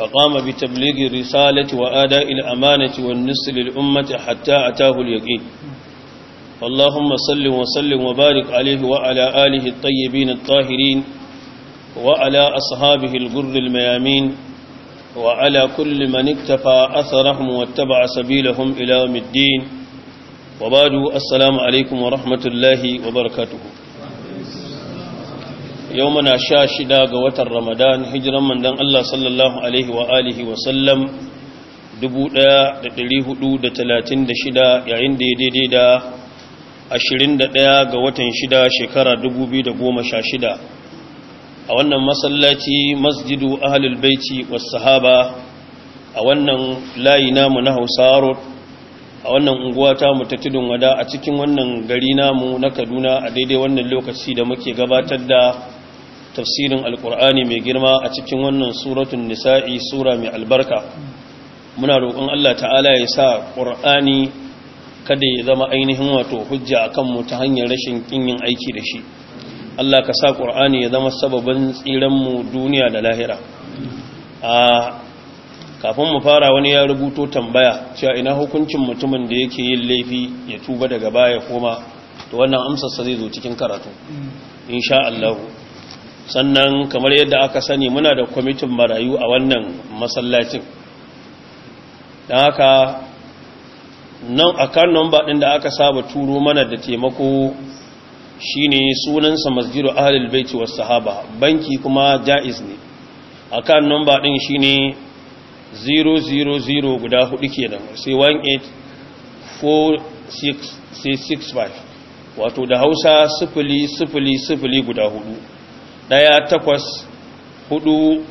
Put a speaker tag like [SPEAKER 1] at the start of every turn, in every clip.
[SPEAKER 1] فقام بتبليغ الرسالة وآداء الأمانة والنس للأمة حتى أتاه اليقين اللهم صل وسلم وبارك عليه وعلى آله الطيبين الطاهرين وعلى أصحابه الغر الميامين وعلى كل من اكتفى أثرهم واتبع سبيلهم إلى الدين وبعد السلام عليكم ورحمة الله وبركاته yau muna sha shida ga watan ramadan hijiran mandan Allah sallallahu alaihi wa alihi wa sallam 1436 yayin da ya daidai da 21 ga watan shida shekara 2016 a wannan masallaci masjidu ahlul baiti was sahaba a wannan layi namu na Hausawa road a wannan unguwa ta mu ta tudun wada a cikin wannan gari namu na kaduna a daidai wannan lokaci da muke gabatar da tafsirin alkur'ani mai girma a cikin wannan suratun nisa'i sura mai albarka muna roƙon Allah ta'ala ya sa ƙur'ani kada ya zama ainihin wato hujja a kanmu ta hanyar rashin ƙinyin aiki da shi Allah ka sa ƙur'ani ya zama sababin tsiranmu duniya da lahira a kafin mu fara wani ya rubuto tambaya cewa ina hukuncin mutumin da yake yin laifi ya tuba daga baya koma to wannan amsar sa zai zo cikin karatu hmm. insha Allah sannan kamar yadda aka sani muna da kwamitin marayu a wannan masallacin don haka nan kan nomba ɗin da aka saba turo mana da taimako shine sunansa masjidu ahalil baiti wa sahaba banki kuma jaiz ne akan nomba ɗin shine 000 guda hudu kenan sai 18465 wato da Hausa sifili-sifili guda hudu ɗaya takwas hudu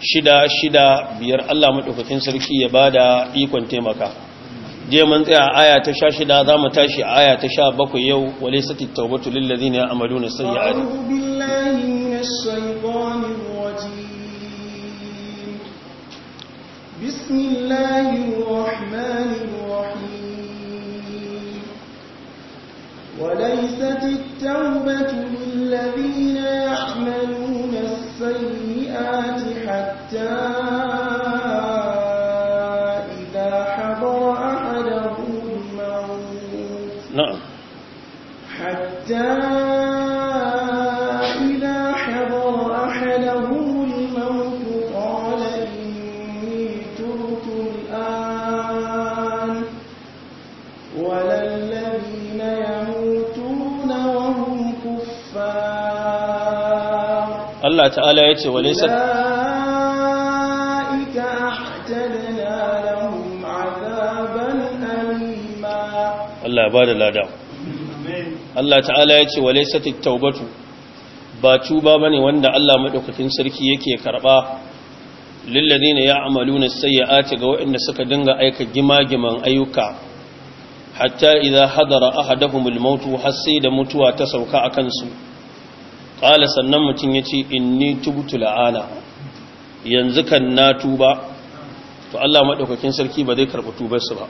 [SPEAKER 1] shida shida biyar Allah maɗaukakin sarki ya ba da ikon taimaka je mun tsaya aya ta sha shida za mu tashi aya ta sha bakwai yau wale sati taubatu lillazi ne amalu na sai ya
[SPEAKER 2] بسم الله الرحمن الرحيم وليست التوبة للذين يعملون السيئات حتى إذا حضر أحدهم الموت نعم حتى إذا حضر أحدهم الموت قال إني ترت الآن وللذين يعملون
[SPEAKER 1] Allah ta'ala ya ce walisa Allah ba da lada Allah ta'ala ya ce walisa tattaubatu ba tuba ba ne wanda Allah maɗaukakin sarki yake karɓa lillazina ya'maluna sayyi'ati ga waɗanda suka dinga aika gima-giman ayyuka hatta idan hadara ahaduhumul maut har sai da mutuwa ta sauka a kansu. ƙala sannan mutum ya ce ni tubutu la'ana yanzu kan na tuba to Allah maɗaukakin sarki ba zai karɓi tubarsu ba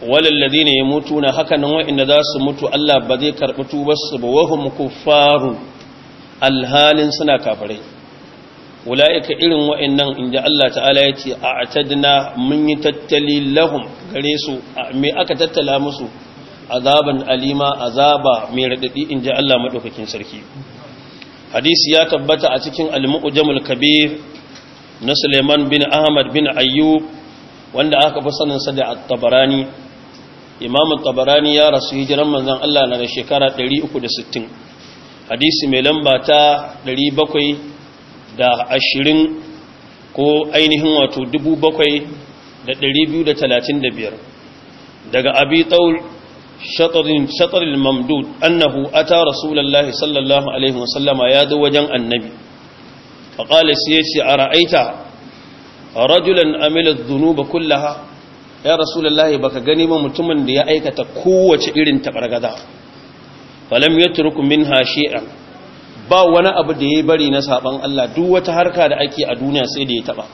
[SPEAKER 1] walallazi ne ya mutu na haka hakanan wa'inda za su mutu Allah ba zai karɓi tubarsu ba wahum kuffarun alhalin suna kafirai ula'ika irin wa'innan inda Allah ta'ala ya ce a atadna mun yi tattali lahum gare su me aka tattala musu azaban alima azaba mai raɗaɗi in ji Allah maɗaukakin sarki hadisi ya tabbata a cikin al-mu'jamul kabir na Suleiman bin Ahmad bin Ayyub wanda aka fi sanin sa da at-Tabarani Imam at-Tabarani ya rasu hijiran manzon Allah na da shekara 360 hadisi mai lamba ta 700 da 20 ko ainihin wato da biyar. daga Abi Taul shatar mamdud annahu ata rasulullahi sallallahu alaihi wasallama ya zo wajen annabi faƙali sai ya ce a ra'aita rajulan amila zunuba kullaha ya rasulullahi baka gani ma mutumin da ya aikata kowace irin tabargaza falam yatruku minha shay'an ba wani abu da ya bari na saban Allah duk wata harka da ake a duniya sai da ya taba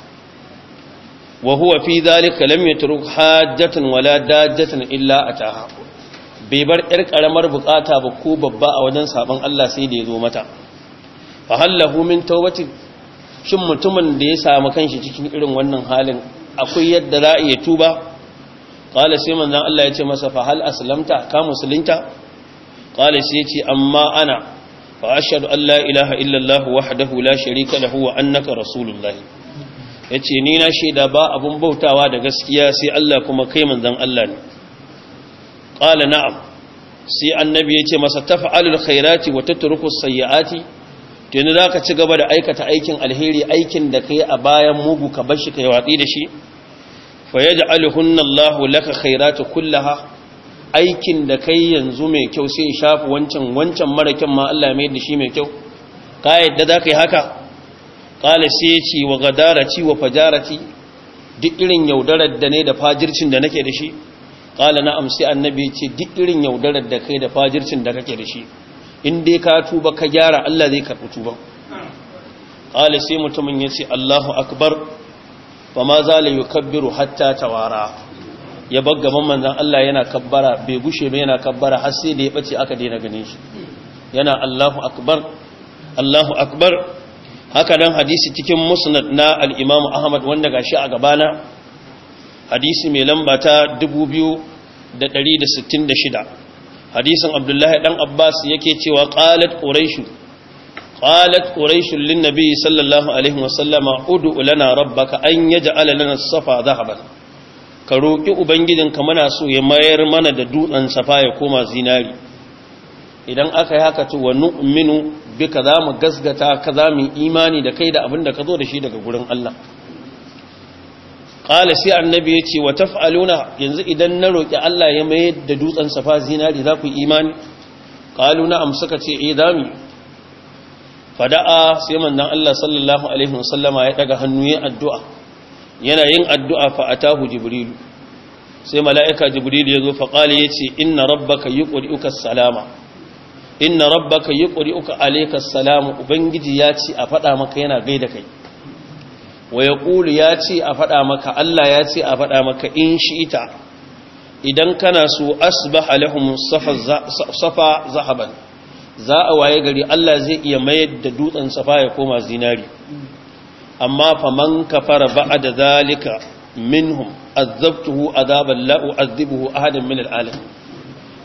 [SPEAKER 1] wa huwa fi dhalika lam yatruk hajjatan wala dajjatan illa ataha bai bar yar ƙaramar bukata ba ko babba a wajen sabon Allah sai da ya zo mata fa hallahu min tawbati shin mutumin da ya samu kanshi cikin irin wannan halin akwai yadda za a iya tuba qala sai manzon Allah ya ce masa fa hal aslamta ka musulunta qala sai ya ce amma ana fa ashhadu an la ilaha illa Allah wahdahu la sharika lahu wa annaka rasulullahi ya ce ni na shaida ba abun bautawa da gaskiya sai Allah kuma kai manzan Allah ne qala na'am sai annabi ya ce masa taf'alul khairati wa tatruku sayyiati to yanzu zaka ci gaba da aikata aikin alheri aikin da kai a bayan mugu ka bar shi yi watsi da shi fa yaj'aluhunna Allahu laka khairati kullaha aikin da kai yanzu mai kyau sai shafi wancan wancan mara kyan ma Allah Dashi mai da shi mai kyau ka yadda za ka yi haka ƙala sai ya ce wa gadaraci wa fajarati duk irin yaudarar da ne da fajircin da nake da shi Ƙala na amsi annabi ya ce duk irin yaudarar da kai da fajircin da kake da shi in dai ka tuba ka gyara Allah zai karɓi tuba. Ƙala sai mutumin ya ce Allahu akbar fa ma zala yukabbiru hatta tawara ya bar gaban manzon Allah yana kabbara bai gushe ba yana kabbara har sai da ya bace aka daina ganin shi yana Allahu akbar Allahu akbar haka nan hadisi cikin musnad na al-Imam Ahmad wanda gashi a gabana hadisi mai lamba ta shida. hadisin abdullahi dan abbas yake cewa qalat quraishu qalat quraishu linnabi nabi sallallahu alaihi wasallama ud'u lana rabbaka an yaj'ala lana safa dhahaban ka roki ka muna so ya mayar mana da dutsen safa ya koma zinari idan aka yi haka to wa nu'minu bika zamu gasgata ka zamu imani da kai da abin da ka zo da shi daga gurin Allah ƙala sai annabi ya ce wa taf'aluna yanzu idan na roƙi Allah ya mayar da dutsen safa zinari za ku imani ƙalu amsa ka ce eh dami fada'a sai manzon Allah sallallahu alaihi wasallama ya daga hannu ya addu'a yana yin addu'a fa atahu jibril sai mala'ika jibril ya zo fa qala yace inna rabbaka yuqri'uka salama inna rabbaka yuqri'uka alayka salamu ubangiji ya ce a faɗa maka yana gaida kai wa ya ƙulu ya ce a faɗa maka Allah ya ce a faɗa maka in shi ita idan kana so asbah alahum safa zahaban za a waye gari Allah zai iya mayar da dutsen safa ya koma zinari amma fara kafara ba'da zalika minhum azabtuhu azaban la u'adhibuhu ahadan min al'alam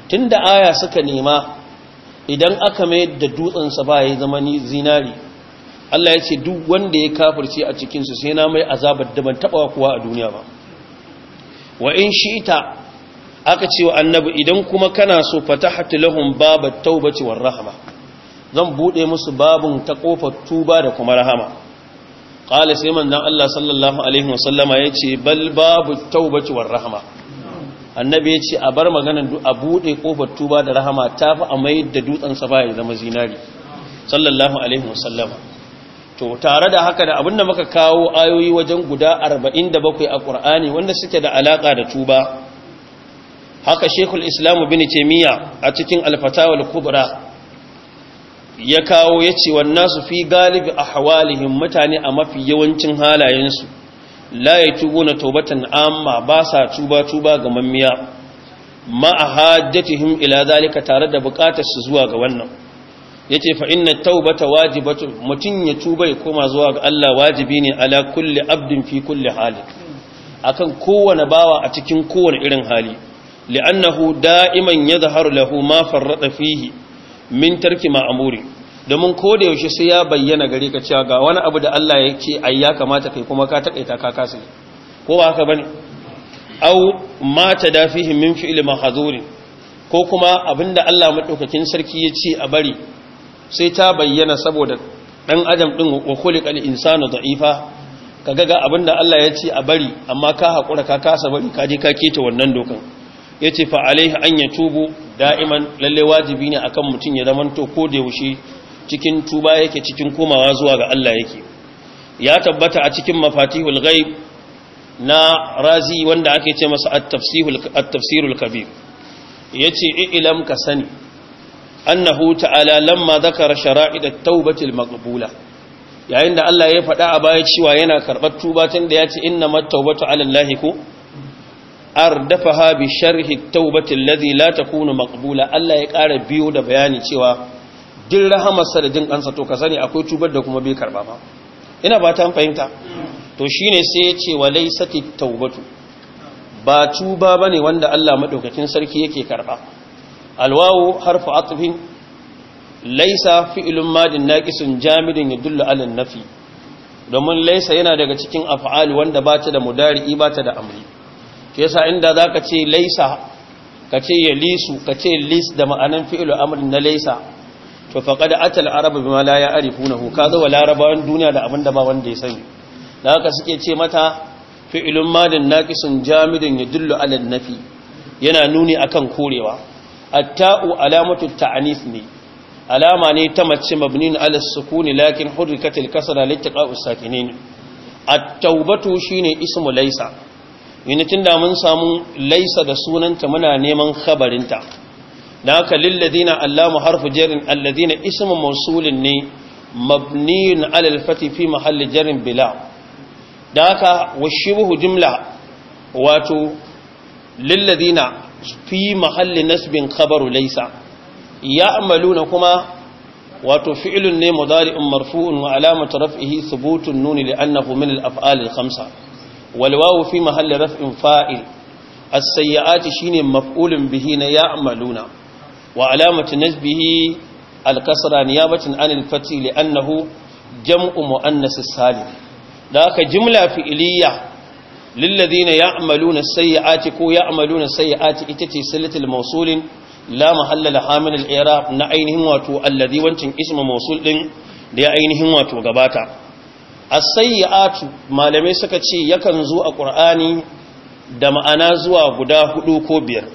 [SPEAKER 1] tunda aya suka nema idan aka mayar da dutsen safa ya zama zinari Allah ya ce duk wanda ya kafirce a cikinsu sai na mai azabar da ban taɓa kuwa a duniya ba wa in shita aka ce wa annabi idan kuma kana so fatahatu lahum babat tawbati war rahma zan bude musu babun ta kofar tuba da kuma rahama qala sai manzon Allah sallallahu alaihi wasallama yace bal babu tawbati war rahma annabi yace a bar maganar dua bude kofar tuba da rahama tafi a mai da dutsen safa ya zama zinari sallallahu alaihi wasallama to tare da haka da abinda muka kawo ayoyi wajen guda 47 a ƙur'ani wanda suke da alaƙa da tuba haka shekul Islam bin Taymiyyah a cikin alfatawar ya kubra ya kawo yace wan nasu fi galibi a hawalihin mutane a mafi yawancin halayensu la na taubatan amma ba sa tuba tuba ga mammiya ma a hajjatihim ila zalika tare da bukatar su zuwa ga wannan Ya ce fa inna taubata wajibatu mutum ya tuba ya koma zuwa ga Allah wajibi ne ala kulli abdin fi kulli hali A kan kowane bawa a cikin kowane irin hali li'annahu da'iman ya zahar lahu ma farraɗa fihi min tarki ma’amuri domin koda yaushe sai ya bayyana gare ka cewa ga wani abu da Allah ce ai ya kamata kai kuma ka taƙaita ka kasa ko ba haka bane au ma tadafihi min fi'li mahzurin ko kuma abinda Allah madaukakin sarki ya ce a bari sai ta bayyana saboda dan adam din wa khuliqal insanu da'ifa kaga ga abinda Allah ya ce a bari amma ka hakura ka kasa bari ka je ka keta wannan dokan yace fa alaihi an ya tubu da'iman lalle wajibi ne akan mutum ya zamanto ko da yaushe cikin tuba yake cikin komawa zuwa ga Allah yake ya tabbata a cikin mafatihul ghaib na razi wanda ake ce masa at-tafsirul at-tafsirul kabir yace ilam ka sani annahu ta'ala lamma zakara shara'id at-taubati al-maqbula yayin da Allah ya faɗa a baya cewa yana karɓar tuba tun da ya ce innamat tawbatu 'ala Allah ku ardafaha bi sharhi at-taubati alladhi la takunu maqbula Allah ya ƙara biyo da bayani cewa din rahamarsa da jin kansa to ka sani akwai tubar da kuma bai karba ba ina ba ta fahimta to shine sai ya ce walaysat at-taubatu ba tuba bane wanda Allah madaukakin sarki yake karba alwawu harfu atfin laisa fi'ilun madin naqisun jamidin yadullu ala nafi domin laisa yana daga cikin af'ali wanda ba ta da mudari'i ba ta da amri ke yasa inda zaka ce laisa ka ce yalisu ka ce lis da ma'anan fi'ilu amrin na laisa to faqad atal arabu bima la ka zo wa larabawan duniya da abinda ba wanda ya sani da haka suke ce mata fi'ilun madin naqisun jamidin yadullu ala nafi yana nuni akan korewa atta'u alamatu ta'anis ne alama ne ta mace mabnin ala ne, lakin na hurrikatil kasara ne. sakinin at shi ne ismu laisa. yana tunda mun samu laisa da sunanta muna neman khabarinta dan haka lil ladina allamu harfu jarin alladina ismu masulin ne mabniyun ala al-fati fi mahalli jerin bila dan haka washibhu jimla, wato lil ladina fi mahalli nasbin khabaru laysa ya'maluna kuma wato fi'lun ne mudari'un marfu'un wa alamatu raf'ihi thubutun nun li'annahu min al-af'al al-khamsa wal wawu fi mahalli raf'in fa'il as-sayyi'ati shine maf'ulun bihi na ya'maluna wa alamatu nasbihi al-kasra niyabatan an al-fathi li'annahu jam'u muannas salim da haka jumla fi'liya lilladhina ya'maluna sayyi'ati ko ya'maluna sayyi'ati ita ce silatul mawsulin la mahalla la hamil al-i'rab na ainihin wato alladhi wancin ismu mawsul din da ya ainihin wato gabata as-sayyi'atu malamai suka ce yakan zo a qur'ani da ma'ana zuwa guda hudu ko biyar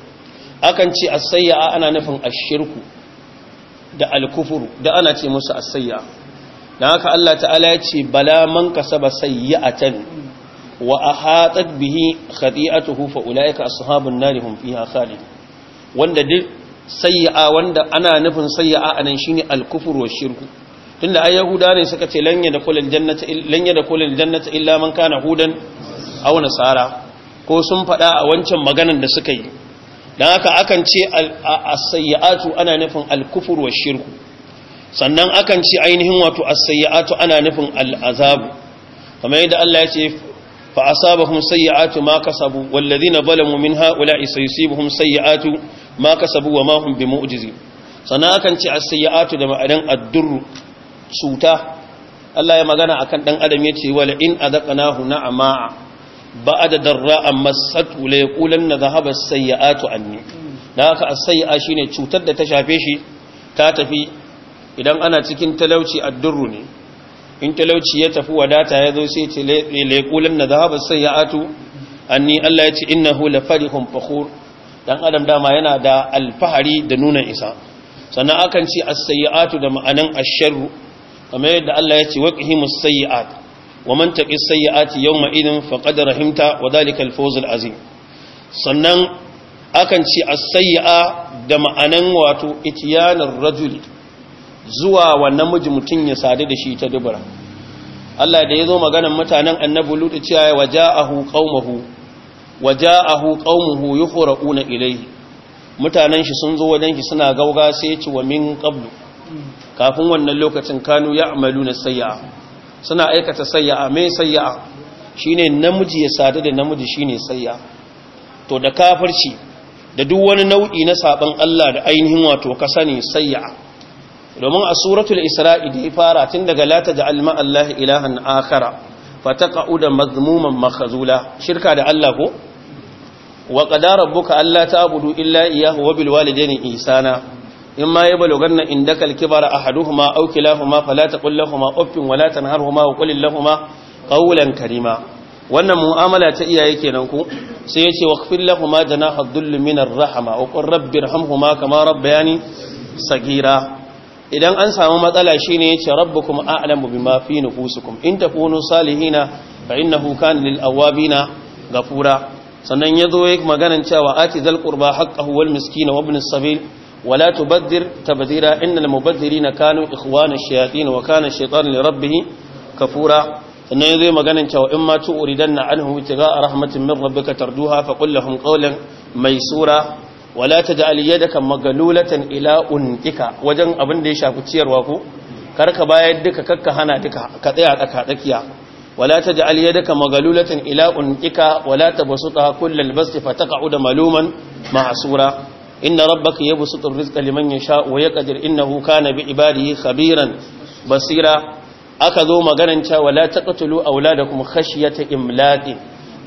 [SPEAKER 1] akan ce as-sayyi'a ana nufin ash-shirku da al-kufru da ana ce musu as-sayyi'a dan haka Allah ta'ala ya ce bala man kasaba sayyi'atan wa ahatat bihi khati'atuhu fa ulaika ashabun nar hum a khalid wanda duk sayyi'a wanda ana nufin sayyi'a anan shine al-kufr wa shirku tunda ai yahuda ne suka ce lan da al-jannata lan yadkhul illa kana hudan aw nasara ko sun faɗa a wancan maganan da suka yi dan haka akan ce a sayyiatu ana nufin al wa shirku sannan akan ce ainihin wato a sayyiatu ana nufin al'azabu. kamar yadda Allah ya ce fa asabahum sayyi'atu ma kasabu wal ladina zalamu min ha'ula'i sayusibuhum sayyi'atu ma kasabu wa ma hum bimu'jizin sannan akan ce as-sayyi'atu da ma'adan ad-durr cuta Allah ya magana akan dan adam yace wala in adaqnahu na'ama ba'da darra'a massatu la yaqulanna dhahaba as-sayyi'atu anni dan haka as shine cutar da ta shafe shi ta tafi idan ana cikin talauci ad-durr ne in talauci ya tafi wadata ya zo sai ta laikulan na zahaba sai ya atu anni Allah ya ce innahu hula fari fakhur dan adam dama yana da alfahari da nuna isa sannan akan ce as-sayyi'atu da ma'anan ash kamar yadda Allah ya ce waqihimus sayyi'at wa man taqis yauma irin idin faqad rahimta wa dhalika al azim sannan akan ce as-sayyi'a da ma'anan wato itiyanar rajuli zuwa wa namiji mutum ya sadu da shi ta dubura Allah da ya zo maganan mutanen annabi lutu cewa wa waja'ahu qaumahu wa qaumuhu yukhra'una ilayhi mutanen shi sun zo wajen shi suna gauga sai ya ci wa min qablu kafin wannan lokacin kanu ya'maluna sayya'a suna aikata sayya'a mai sayya'a shine namiji ya sadu da namiji shine sayya'a to da kafirci da duk wani nau'i na saban Allah da ainihin wato ka sani sayya'a domin a suratul isra'i da ya fara tun daga lata da alma Allah ilahan akhara fataqa'u da mazmuman makazula shirka da Allah ko wa qadara allah ta ta'budu illa iyyahu wa bil walidayni na imma yablughanna indakal kibara ahaduhuma aw kilahuma fala taqul lahumu uffin wala tanharhuma wa qul lahumu qawlan karima wannan mu'amala ta iyaye kenan ku sai ya ce waqfil lahumu janaha dhulli minar rahma wa qur rabbirhamhuma kama rabbayani sagira idan an samu matsala shine yace kuma a'lamu bima fi nufusikum in takunu salihina fa innahu kana lil awabina fura. sannan yazo ya maganan cewa ati zal qurba haqqahu miskina wa ibn as-sabil wa la tubaddir tabdira innal mubaddirina na ikhwana ash-shayatin wa kana ash ne rabbi ka fura. sannan yazo maganan cewa in ma tu'ridanna anhu a rahmatin min ka tarduha fa qul lahum mai sura. wala taj'al yadaka magalulatan ila unqika wajen abin da ya shafi ciyarwa ko karka bayar duka kakka hana duka ka tsaya tsaka tsakiya wala taj'al yadaka magalulatan ila unqika wala tabsuta kullal basti fataqa'uda maluman mahsura inna rabbaka yabsutu arrizqa liman yasha wa yaqdir innahu na bi ibadihi khabiran basira aka zo maganan cewa ta taqtulu auladakum khashyata imlaqin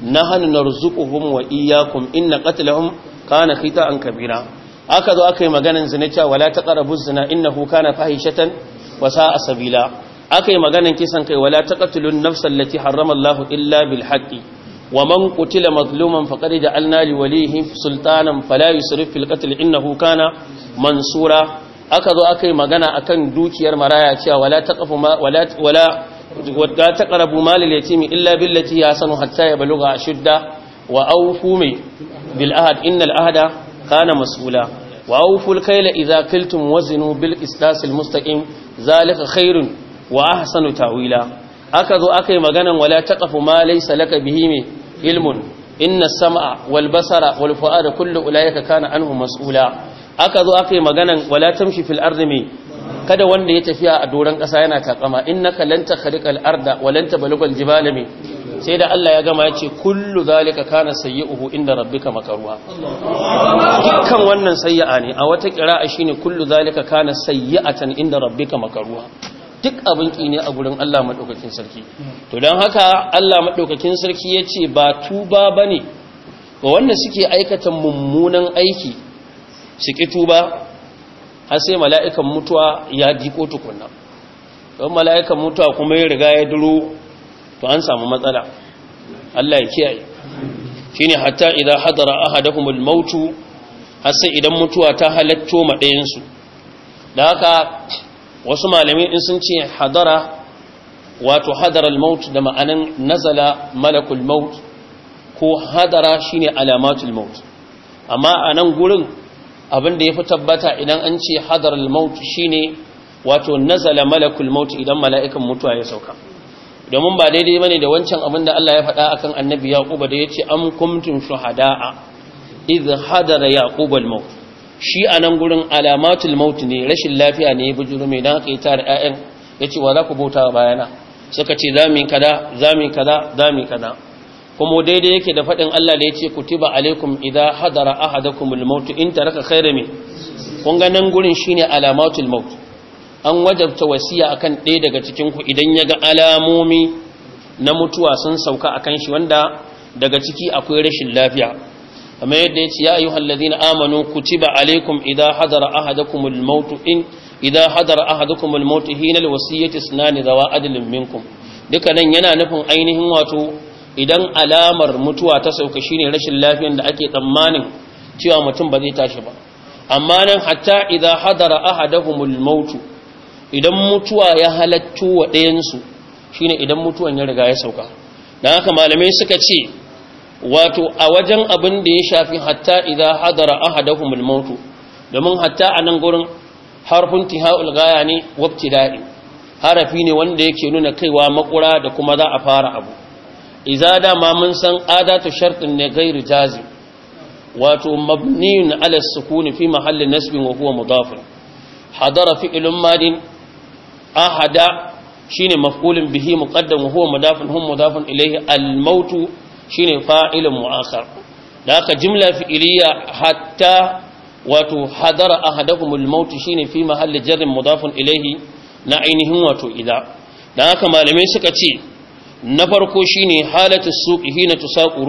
[SPEAKER 1] nahnu narzuquhum wa iyyakum inna qatlahum kana khita an kabira aka zo aka yi maganan zina cewa wala taqrabu zina innahu kana fahishatan wa sa'a sabila aka yi maganan kisan kai wala taqtulun nafsal lati harrama illa bil haqqi wa man qutila mazluman faqad ja'alna li walihi sultanan fala yusrif fil qatl innahu kana mansura aka zo aka yi magana akan dukiyar maraya cewa wala taqafu wala wala wadda taqrabu mal al yatimi illa billati yasanu hatta baluga ashudda wa awfu mi bil ahad innal ahada kana mas'ula wa awful kayla idza qiltum wazinu bil qistas al mustaqim zalika khairun wa ahsanu ta'wila aka zo akai maganan wala taqafu ma laysa laka bihi min ilmun inna sama walbasara, basara da fu'ada kullu ulaika kana anhu mas'ula aka zo akai maganan wala tamshi fil ardi kada wanda ya tafiya a doron ƙasa yana takama innaka lan takhriqal arda wa lan tablughal jibala sai da Allah ya gama ya ce kullu zalika kana sayyi'uhu inda rabbika makaruha dukkan wannan sayya'a ne a wata qira'a shine kullu zalika kana sayyi'atan inda rabbika makaruha duk abin ki ne a gurin Allah madaukakin sarki to dan haka Allah madaukakin sarki yace ba tuba bane ga wanda suke aikata mummunan aiki su ki tuba har sai mala'ikan mutuwa ya ko tukunna don mala'ikan mutuwa kuma ya riga ya duro to an samu matsala Allah ya kiyaye shine hatta idza hadara ahadakumul mautu har idan mutuwa ta halatto ma su da haka wasu malami in sun ce hadara wato hadara al-maut da ma'anan nazala malakul maut ko hadara shine alamatul maut amma a nan gurin abin da ya fi tabbata idan an ce hadar al-maut shine wato nazala malakul maut idan mala'ikan mutuwa ya sauka domin ba daidai ne da wancan abin da Allah ya faɗa akan annabi yaqub da ya yace am kuntum shuhadaa a hadara yaqub al-maut shi a nan gurin alamatul maut ne rashin lafiya ne bujuru mai dan kai tar ƴaƴan ce wa za ku bauta bayana suka ce zami kada zami kada zami kada kuma daidai yake da faɗin Allah da ya ce ku tiba alaikum idan hadara ahadakumul maut in taraka raka min kun ga nan gurin shine alamatul maut an wajabta wasiya akan ɗaya daga cikin ku idan ya ga alamomi na mutuwa sun sauka akan shi wanda daga ciki akwai rashin lafiya amma yadda ya ce ya ayyuhal ladina amanu kutiba alaikum idza hadara ahadakumul maut in idza hadara ahadakumul maut hina alwasiyati sunani zawa adlin minkum nan yana nufin ainihin wato idan alamar mutuwa ta sauka shine rashin lafiyar da ake tsammanin cewa mutum ba zai tashi ba amma nan hatta idza hadara ahadakumul maut idan mutuwa ya halattu wa ɗayansu shine idan mutuwan ya riga ya sauka na haka malamai suka ce wato a wajen abin da ya shafi hatta idan hadara ahadahumul mautu domin hatta a nan gurin harfin tihaul gaya ne wabti daɗi. harafi ne wanda yake nuna kaiwa makura da kuma za a fara abu Iza da ma mun san adatu shartin ne gairu jazi wato mabniyun ala sukuni fi mahallin nasbin wa huwa mudaf hadara fi'ilun madin ahada shine maf'ulun bihi muqaddam wa huwa mudafun hum mudafun ilayhi al-maut shine fa'ilun mu'akhar da haka jumla fi'iliya hatta wato hadara ahadakum al-maut shine fi mahalli jarrin mudafun ilayhi na ainihin wato ila da haka malamai suka ce na farko shine halatu suqi hina tusaqu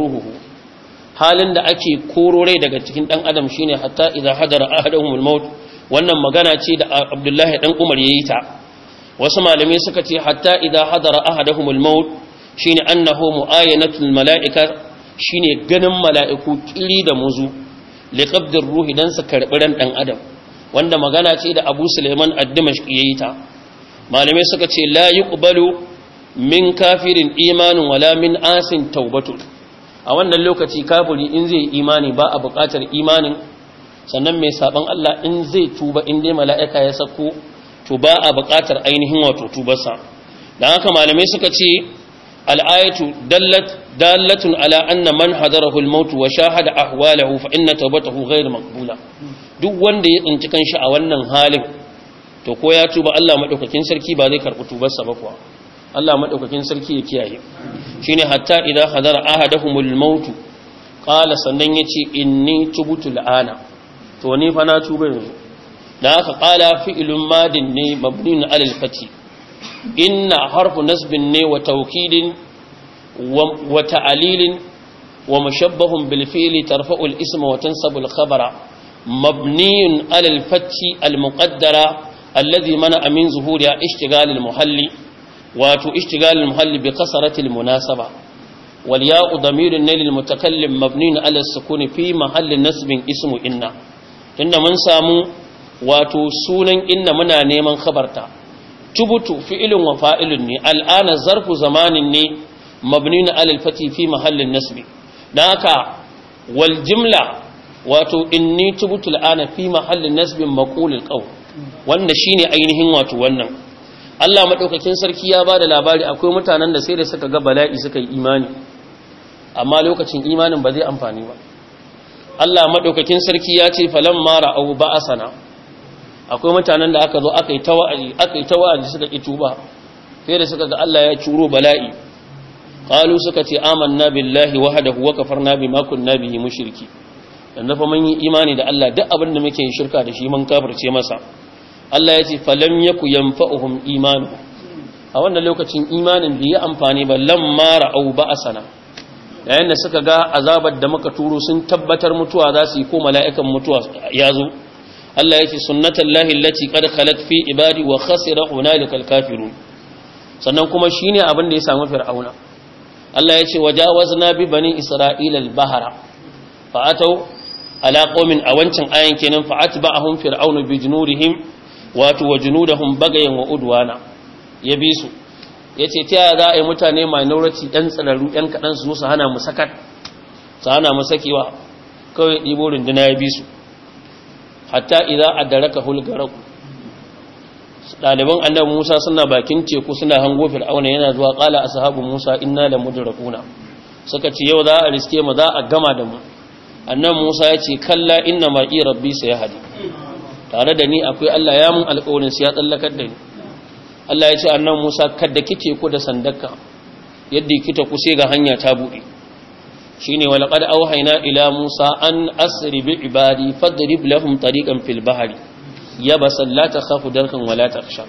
[SPEAKER 1] halin da ake koro rai daga cikin dan adam shine hatta idza hadara ahadakum al-maut wannan magana ce da Abdullahi dan Umar yayi ta wasu malamai suka ce hatta idan hadara ahadahumul maut shine annahu muayyanatul malaika shine ganin mala'iku kiri da muzu liqabdir ruhi dan sa karbi ran dan adam wanda magana ce da Abu Sulaiman ad-Dimashqi yayi ta malamai suka ce la yuqbalu min kafirin imanin wala min asin taubatu. a wannan lokaci kafiri in zai imani ba a buƙatar imanin sannan mai saban Allah in zai tuba in dai mala'ika ya sako to ba a buƙatar ainihin wato tubarsa Da haka malamai suka ce al'ayatu dallat dalatun ala anna man hadarahu al-maut wa shahada ahwalahu fa inna tawbatahu ghayr maqbula duk wanda ya tsinci kanshi a wannan halin to ko ya tuba Allah madaukakin sarki ba zai karɓi tubarsa ba kuwa Allah madaukakin sarki ya kiyaye shine hatta idan hadara ahadahumul maut qala sannan yace inni tubtu al'ana to ni fa na tuba yanzu da aka ƙala fi'ilun madin ne mabnin alal fati inna harfu nasbin ne wa taukidin wa ta'alilin wa mashabbahun bil fi'li isma wa tansabu khabara mabniyun alal fati al muqaddara alladhi mana amin zuhuriha ishtigal al muhalli wato ishtigal muhalli bi kasaratil munasaba wal ya'u damirun ne lil mabniyun ala sukuni fi mahalli nasbin ismu inna tunda mun samu wato sunan inna muna neman khabarta tubutu fi'ilun wa fa'ilun ne al'ana zarfu zamanin ne mabni na alifati fi mahallin nasbi don haka wal jimla wato inni tubutu al'ana fi mahallin nasbin makulil ƙau wannan ne ainihin wato wannan Allah maɗaukakin sarki ya ba da labari akwai mutanen da sai da suka ga bala'i suka yi imani amma lokacin imanin ba zai amfani ba Allah maɗaukakin sarki ya ce falan mara abu ba asana akwai mutanen da aka zo aka yi wa'azi aka yi tawa'azi suka ki tuba sai da suka ga Allah ya curo bala'i qalu suka ce amanna billahi wahdahu wa kafarna bima kunna bihi mushriki dan fa mun yi imani da Allah duk abin da muke shirka da shi mun kafirce masa Allah ya ce falam yaku yanfa'uhum imanu a wannan lokacin imanin bai yi amfani ba lamma ra'au ba'asana yayin da suka ga azabar da muka turo sun tabbatar mutuwa za su yi ko mala'ikan mutuwa ya zo Allah ya ce sunnatallahi allati qad khalat fi ibadi wa khasira hunalikal kafirun sannan kuma shine abin da ya samu fir'auna Allah ya ce wajawazna bi bani isra'ila al-bahra fa atau ala qaumin awancin ayan kenan fa atba'ahum fir'aunu bi junudihim wato wa junudahum bagayan wa udwana ya bi su yace ta za a yi mutane minority dan tsararu yan kadan su su hana mu sakat su hana mu sakewa kawai ɗibo runduna ya bi su hatta idza adraka garq daliban annabi Musa suna bakin teku suna hango fir'auna yana zuwa qala ashabu Musa inna mudrakuna suka ce yau za a riske mu za a gama da mu annabi Musa ya ce kalla inna ma'i qi rabbi sayahdi tare da ni akwai Allah ya mun alƙawarin sai ya tsallakar da ni Allah ya ce annabi Musa kada kike ku da sandarka yadda kike ku sai ga hanya ta bude shine wa laqad auhaina ila musa an asri bi ibadi fadrib lahum tariqan fil bahri yabasan la takhafu darkan a ci takhsha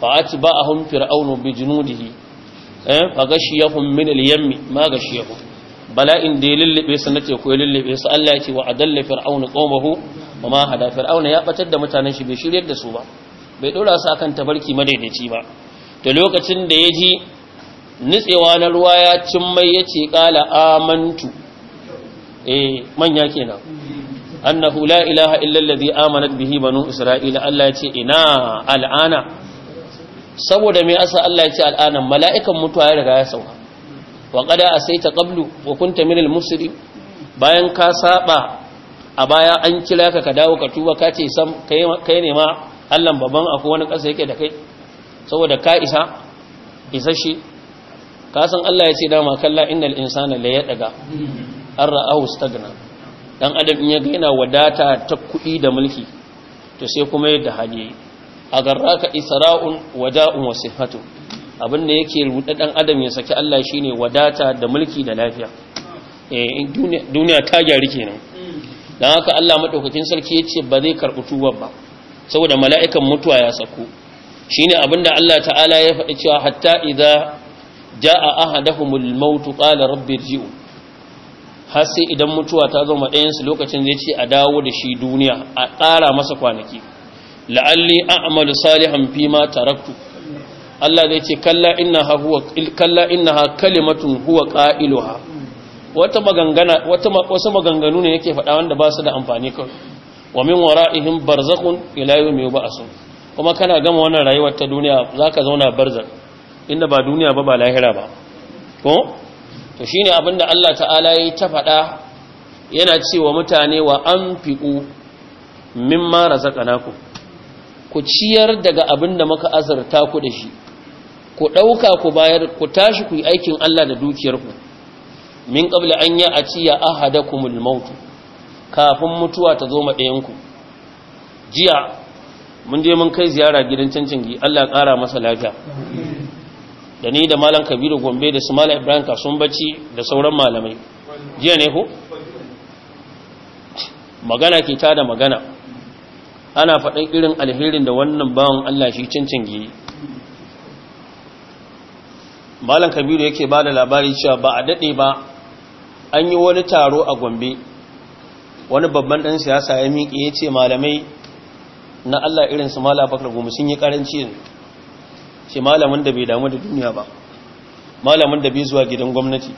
[SPEAKER 1] fa atba'ahum fir'aunu bi junudihi eh, fa gashiyahum min al-yammi ma gashiyahum bala'in da ya lullube su na teku ya lullube su Allah ce wa adalla fir'auna qawmahu wa ma hada fir'auna ya batar da mutanen shi bai shiryar da su ba bai dora su akan tabarki madaidaici ba da lokacin da ya ji nitsewa na ruwa ya cin mai ya ce ƙala amantu eh manya kenan annahu la ilaha illallazi amanat bihi banu isra'ila Allah ya ce ina al'ana saboda me asa Allah ya ce al'ana mala'ikan mutuwa ya riga ya sauka wa qada asaita qablu wa kunta al bayan ka saba a baya an kira ka ka dawo ka tuba ka ce sam kai ne ma Allah babban akwai wani kasa yake da kai saboda ka isa isa shi ka san Allah ya ce dama kalla innal insana la yadaga an ra'ahu stagna dan adam in ya ga yana wadata ta kuɗi da mulki to sai kuma yadda hali a garraka isra'un wada'un wa sihhatu abin da yake rubuta dan adam ya saki Allah shine wadata da mulki da lafiya eh, duniya ta gyari kenan dan haka Allah madaukakin sarki yace ba zai karɓi tuwar ba saboda mala'ikan mutuwa ya sako shine abinda Allah ta'ala ya faɗi cewa hatta idza Ja ja'a ahadahumul mautu qala rabbi ji'u har sai idan mutuwa ta zo ma su lokacin zai ce a dawo da shi duniya a ƙara masa kwanaki la'alli a'malu salihan fi ma taraktu Allah zai ce kalla innaha huwa kalla kalimatun huwa qailuha wata wasu maganganu ne yake faɗa wanda ba su da amfani kawai wa min wara'ihim barzakhun ila yawmi yub'asun kuma kana gama wannan rayuwar ta duniya zaka zauna barzakh inda ba duniya ba ba lahira ba ko to shine abinda Allah ta'ala yayi ta faɗa yana cewa mutane wa anfiqu mimma razaqnakum ku ciyar daga abinda muka azurta ku da shi ku ɗauka ku bayar ku tashi ku yi aikin Allah da dukiyarku min qabla an ya a ciya ahada kumul kafin mutuwa ta zo ɗayanku jiya mun je mun kai ziyara gidan cancangi Allah ya ƙara masa lafiya da ni da malam kabiru gombe da su malam ibrahim kasun bacci da sauran malamai jiya ne ku? magana ke tada magana ana faɗin irin alherin da wannan bawan allah shi cincin gini malam kabiru yake ba da labari cewa ba a daɗe ba an yi wani taro a gombe wani babban ɗan siyasa ya miƙe ya ce malamai na allah irin malam bakar goma sun yi ƙaranci ce malamin da bai damu da duniya ba malamin da bai zuwa gidan gwamnati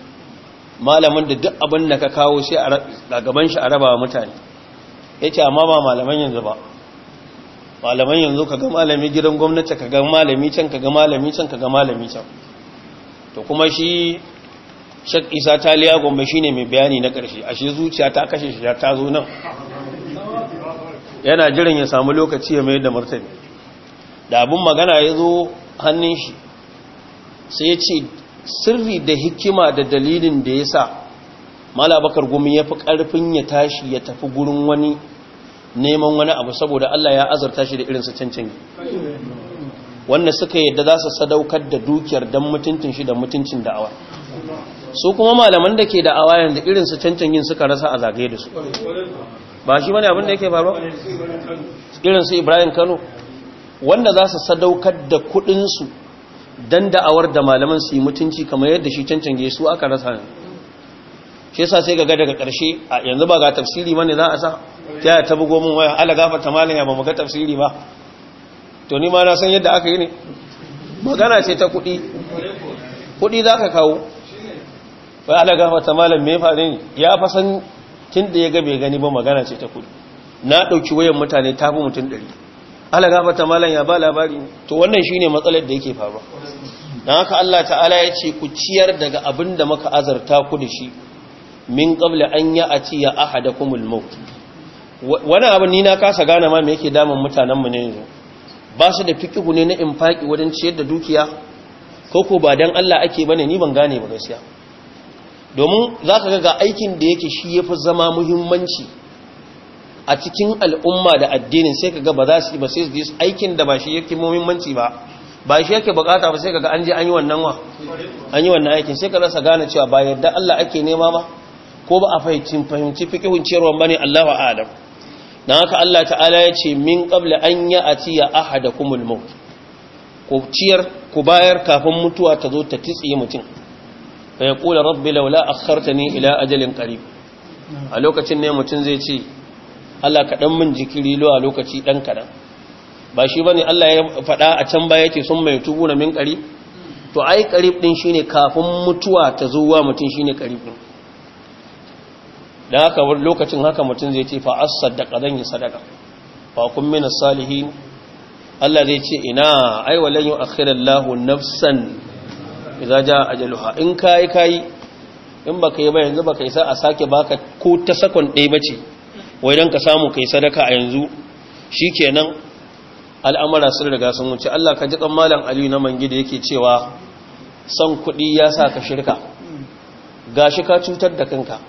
[SPEAKER 1] malamin da duk abin da ka kawo shi a gaban shi a raba wa mutane ya amma ba malaman yanzu ba malaman yanzu ka ga malami gidan gwamnati ka ga malami can ka ga malami can ka ga malami can to kuma shi shak isa taliya gombe ne mai bayani na ƙarshe ashe zuciya ta kashe shi ta zo nan yana jiran ya samu lokaci ya mai da martani da abin magana ya zo hannun shi sai ya ce sirri da hikima da dalilin da ya sa malabakar gumi ya fi ƙarfin ya tashi ya tafi gurin wani neman wani abu saboda Allah ya azarta shi da irinsa cancin wanda suka yadda za su sadaukar da dukiyar don mutuncin shi da mutuncin da'awa su kuma malaman da ke da'awa yanzu irinsu cancin yin suka rasa a zagaye da su ba shi wani abin da yake faruwa irinsu ibrahim kano wanda za su sadaukar da kuɗinsu don da'awar da malaman su yi mutunci kamar yadda shi cancan su aka rasa ne shi yasa sai gaga daga ƙarshe a yanzu ba ga tafsiri mani za a sa ta ta bugo min waya ala gafa ta malin ya ba mu ga tafsiri ba to ni ma na san yadda aka yi ne magana ce ta kuɗi kuɗi za ka kawo wai ala gafa ta malin me fa ne ya fa san tun da ya ga bai gani ba magana ce ta kuɗi na ɗauki wayan mutane ta fi mutum ɗari ala gafata malam ya ba labari to wannan shine matsalar da yake faruwa dan haka Allah ta'ala ya ce ku ciyar daga abin da muka azarta ku da shi min qabla an ya ati ya ahadakumul maut wani abu ni na kasa gane ma me yake damun mutanen mu ne yanzu ba su da fikihu ne na infaki wajen ciyar da dukiya ko ko ba dan Allah ake bane ni ban gane ba gaskiya domin zaka ga aikin da yake shi yafi zama muhimmanci a cikin al'umma da addinin sai kaga ba za su yi ba sai su aikin da ba shi yake muhimmanci ba ba shi yake bukata ba sai kaga an je an yi wannan wa an yi wannan aikin sai ka rasa gane cewa ba yadda Allah ake nema ba ko ba a fahimci fahimci fikihun ciyarwan bane Allahu a'lam dan haka Allah ta'ala ya ce min qabla an ya ahadakumul maut ku ciyar ku bayar kafin mutuwa ta zo ta tsiye mutum fa yaqulu rabbi laula akhartani ila ajalin qarib a lokacin ne mutum zai ce Allah ka dan min jikiri a lokaci dan kaɗan. ba shi bane Allah ya faɗa a can baya yake sun mai tubu na min ƙari to ai ɗin din shine kafin mutuwa ta zo wa mutum shine ƙarib din dan haka lokacin haka mutum zai ce fa as-sadaqa dan yi sadaka Ba kun min salihin Allah zai ce ina ai walan yu'akhkhira Allahu nafsan idza ja ajaluha in kai kai in baka yi ba yanzu baka isa a sake baka ko ta sakon ɗaya bace wai don ka samu kai sadaka a yanzu shi kenan al'amara sun riga sun wuce Allah ka ji malam aliyu na mangi da yake cewa son kuɗi ya sa ka shirka Ga shi ka cutar da kanka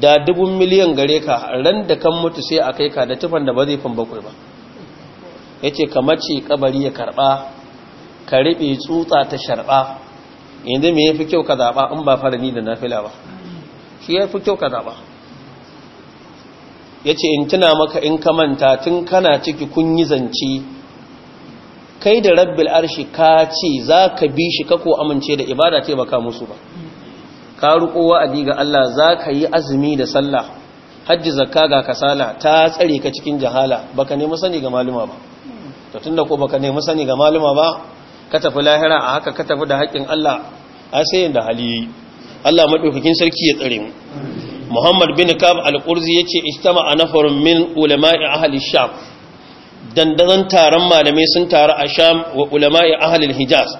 [SPEAKER 1] da dubun miliyan gare ka ran da kan mutu sai a kai ka da tufan da ba zai fin bakwai ba ya ce ka mace kabari ya karɓa ka riɓe tsutsa ta sharɓa yanzu me ya fi kyau ka zaɓa in ba fara ni da nafila ba shi ya fi kyau ka zaɓa ya ce in tuna maka in ka manta tun kana ciki kun yi zance kai da rabbil arshi ka ce za ka bi shi kako amince da ibada ce baka musu ba ka rukowa wa'adi ga Allah za ka yi azumi da sallah hajji zakka ga kasala ta tsare ka cikin jahala baka nemi sani ga maluma ba to tunda ko baka nemi sani ga maluma ba ka tafi lahira a haka ka tafi da haƙƙin Allah a sai da hali Allah madaukakin sarki ya tsare mu muhammad bin kab al-qurzi yace istama anafarun min ulama'i ahli sham dandazan taron malamai sun taru a sham wa ulama'i ahli hijaz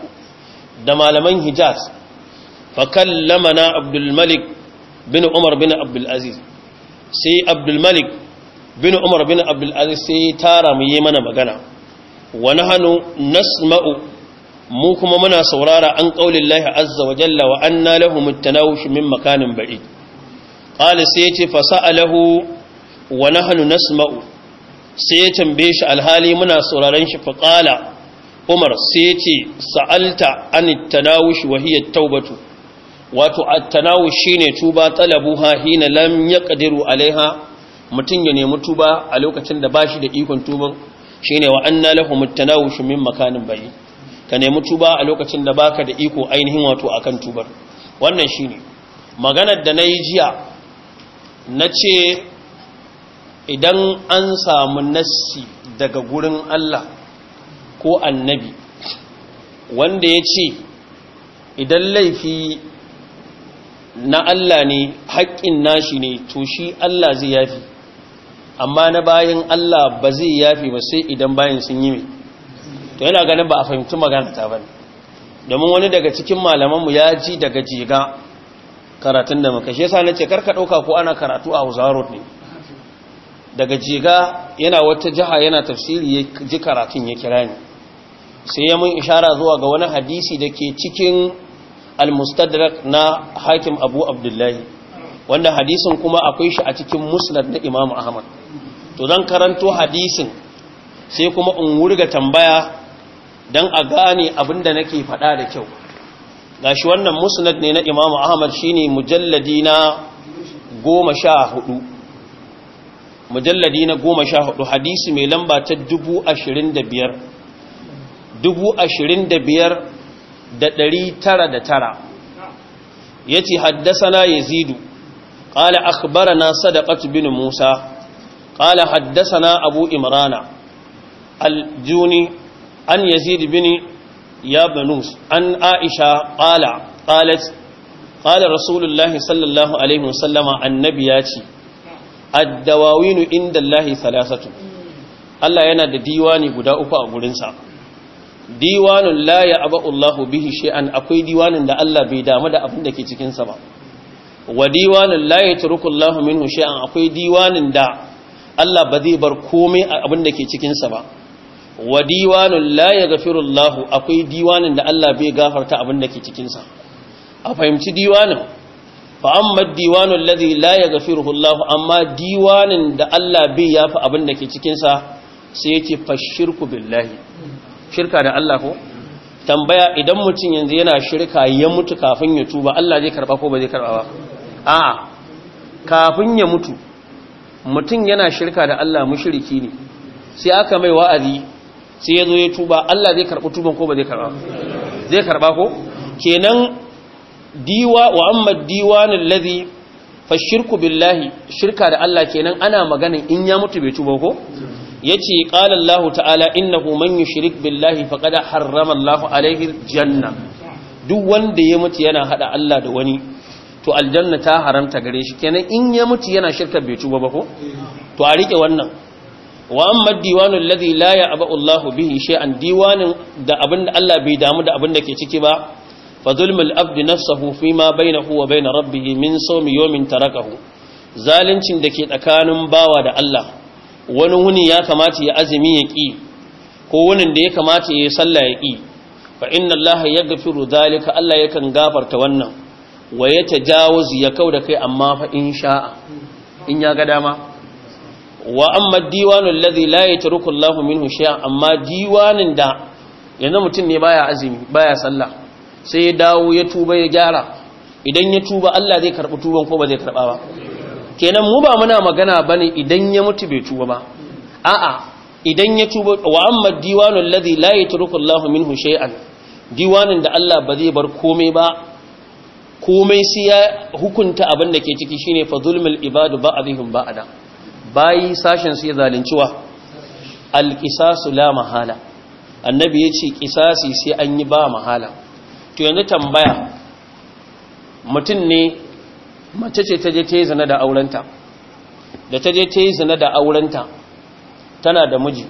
[SPEAKER 1] da malaman hijaz fa kallamana abdul malik bin umar bin abdul aziz sai abdul malik bin umar bin abdul aziz sai tara mu yi mana magana wa nahnu nasma'u mu kuma muna saurara an ƙaulillahi azza wa jalla wa anna lahum at-tanawush min makanin ba'id qala sai yace fa sa'alahu wa nahnu nasma'u sai ya tambaye shi alhali muna sauraron shi fa qala umar sai yace sa'alta an tanawush wa hiya taubatu wato at-tanawush shine tuba talabuha hina lam yaqdiru alaiha mutun ya nemi tuba a lokacin da bashi da ikon tuban shine wa anna lahum at-tanawush min makanin bayyin ka nemi tuba a lokacin da baka da iko ainihin wato akan tubar wannan shine maganar da nayi jiya na ce idan an samu nassi daga gurin Allah ko annabi wanda ya ce idan laifi na Allah ne haƙƙin nashi ne to shi Allah zai yafi amma na bayan Allah ba zai yafi ba sai idan bayan sun yi mai to yana ganin ba a fahimci magana ta domin wani daga cikin malamanmu ya ji daga jiga karatun da muka shi yasa nace ka ɗauka ko ana karatu a Hausa Road ne daga jiga yana wata jiha yana tafsiri ya ji karatun ya kira ni sai ya mun ishara zuwa ga wani hadisi da ke cikin al-mustadrak na hakim abu abdullahi wanda hadisin kuma akwai shi a cikin musnad na imam ahmad to zan karanto hadisin sai kuma in wurga tambaya don a gane abin da nake faɗa da kyau gashi wannan musnad ne na imamu ahmad shine mujalladi na goma sha hudu mujalladi na goma sha hudu hadisi mai lamba ta dubu ashirin da biyar dubu ashirin da biyar da ɗari tara da tara ya ce haddasa na yazidu akbara na صدقة بن musa ƙala haddasana Abu Imrana? Aljuni an yazid بن ya banus an aisha qala qalat qala rasulullahi sallallahu alaihi wasallama annabi ya ce ad inda allahi thalathatu Allah yana da diwani guda uku a gurinsa diwanun la ya aba bihi shay'an akwai diwanin da Allah bai damu da abin da ke cikin ba wa diwanin la yatruku Allahu minhu sha'an akwai diwanin da Allah ba zai bar komai abin da ke cikinsa ba wa diwanun la yaghfiru Allah akwai diwanin da Allah bai gafarta abin da ke cikinsa. a fahimci diwanin fa amma diwanun lazi la yaghfiruhu Allah amma diwanin da Allah bai yafi abin da ke cikinsa, sai yake fashirku billahi shirka da Allah ko tambaya idan mutum yanzu yana shirka ya mutu kafin ya tuba Allah zai karba ko ba zai karba ba a'a kafin ya mutu mutum yana shirka da Allah mushriki ne sai aka mai wa'azi sai ya zo ya tuba Allah zai karɓi tuban ko ba zai karɓa zai karɓa ko kenan diwa wa amma diwanul fa shirku billahi shirka da Allah kenan ana magana in ya mutu bai tuba ko yace qala Allah ta'ala innahu man yushrik billahi faqad harrama Allah alaihi janna duk wanda ya mutu yana haɗa Allah da wani to aljanna ta haramta gare shi kenan in ya mutu yana shirka bai tuba ba ko to a rike wannan wa amma diwanu alladhi la ya'ba Allahu bihi shay'an diwanin da abinda Allah bai damu da abinda ke ciki ba fa zulmul abdi nafsuhu fima bainahu wa bain rabbih min sawmi yawmin tarakahu zalincin da ke tsakanin bawa da Allah wani wuni ya kamata ya azumi ya ki ko wani da ya kamata ya sallah ya ki fa inna Allah yaghfiru dhalika Allah yakan gafarta wannan wa yatajawuz ya da kai amma fa in in ya ga dama wa amma diwanul ladhi la yatruku Allahu minhu shay'an amma diwanin da yanzu mutum ne baya azumi baya sallah sai ya dawo ya tuba ya gyara idan ya tuba Allah zai karbi tuban ko ba zai karba ba kenan mu ba muna magana ba ne idan ya mutu bai tuba ba a'a idan ya tuba wa amma diwanul ladhi la yatruku Allahu minhu shay'an diwanin da Allah ba zai bar komai ba komai sai ya hukunta abin da ke ciki shine fa zulmul ibadu ba ba'dihim ba'da bayi sashen su ya zalunci wa la mahala annabi ya ce ƙisasi sai an yi ba mahala to yanzu tambaya mutum ne mace ce ta je ta yi zina da aurenta da ta je ta yi zina da aurenta tana da miji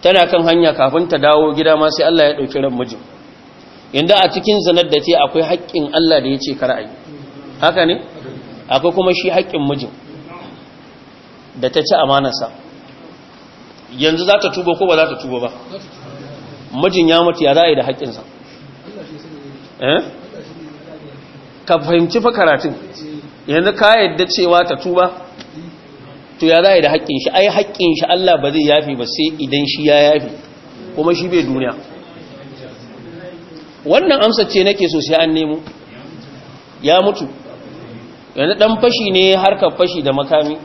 [SPEAKER 1] tana kan hanya kafin ta dawo gida ma sai Allah ya ɗauki ran mijin inda a cikin zinar da ce akwai haƙƙin Allah da ya ce kar'ayi haka ne akwai kuma shi haƙƙin mijin da ta ci amanarsa yanzu za ta tuba ko ba za ta tuba ba mijin ya mutu ya za a yi da haƙƙinsa eh? ka fahimci fa karatun yanzu ka yadda cewa ta tuba to ya za a yi da haƙƙin shi ai haƙƙin shi Allah ba zai yafi ba sai idan shi ya yafi kuma shi bai duniya wannan amsar ce nake so sai an nemo ya mutu yanzu dan fashi ne harkar fashi da makami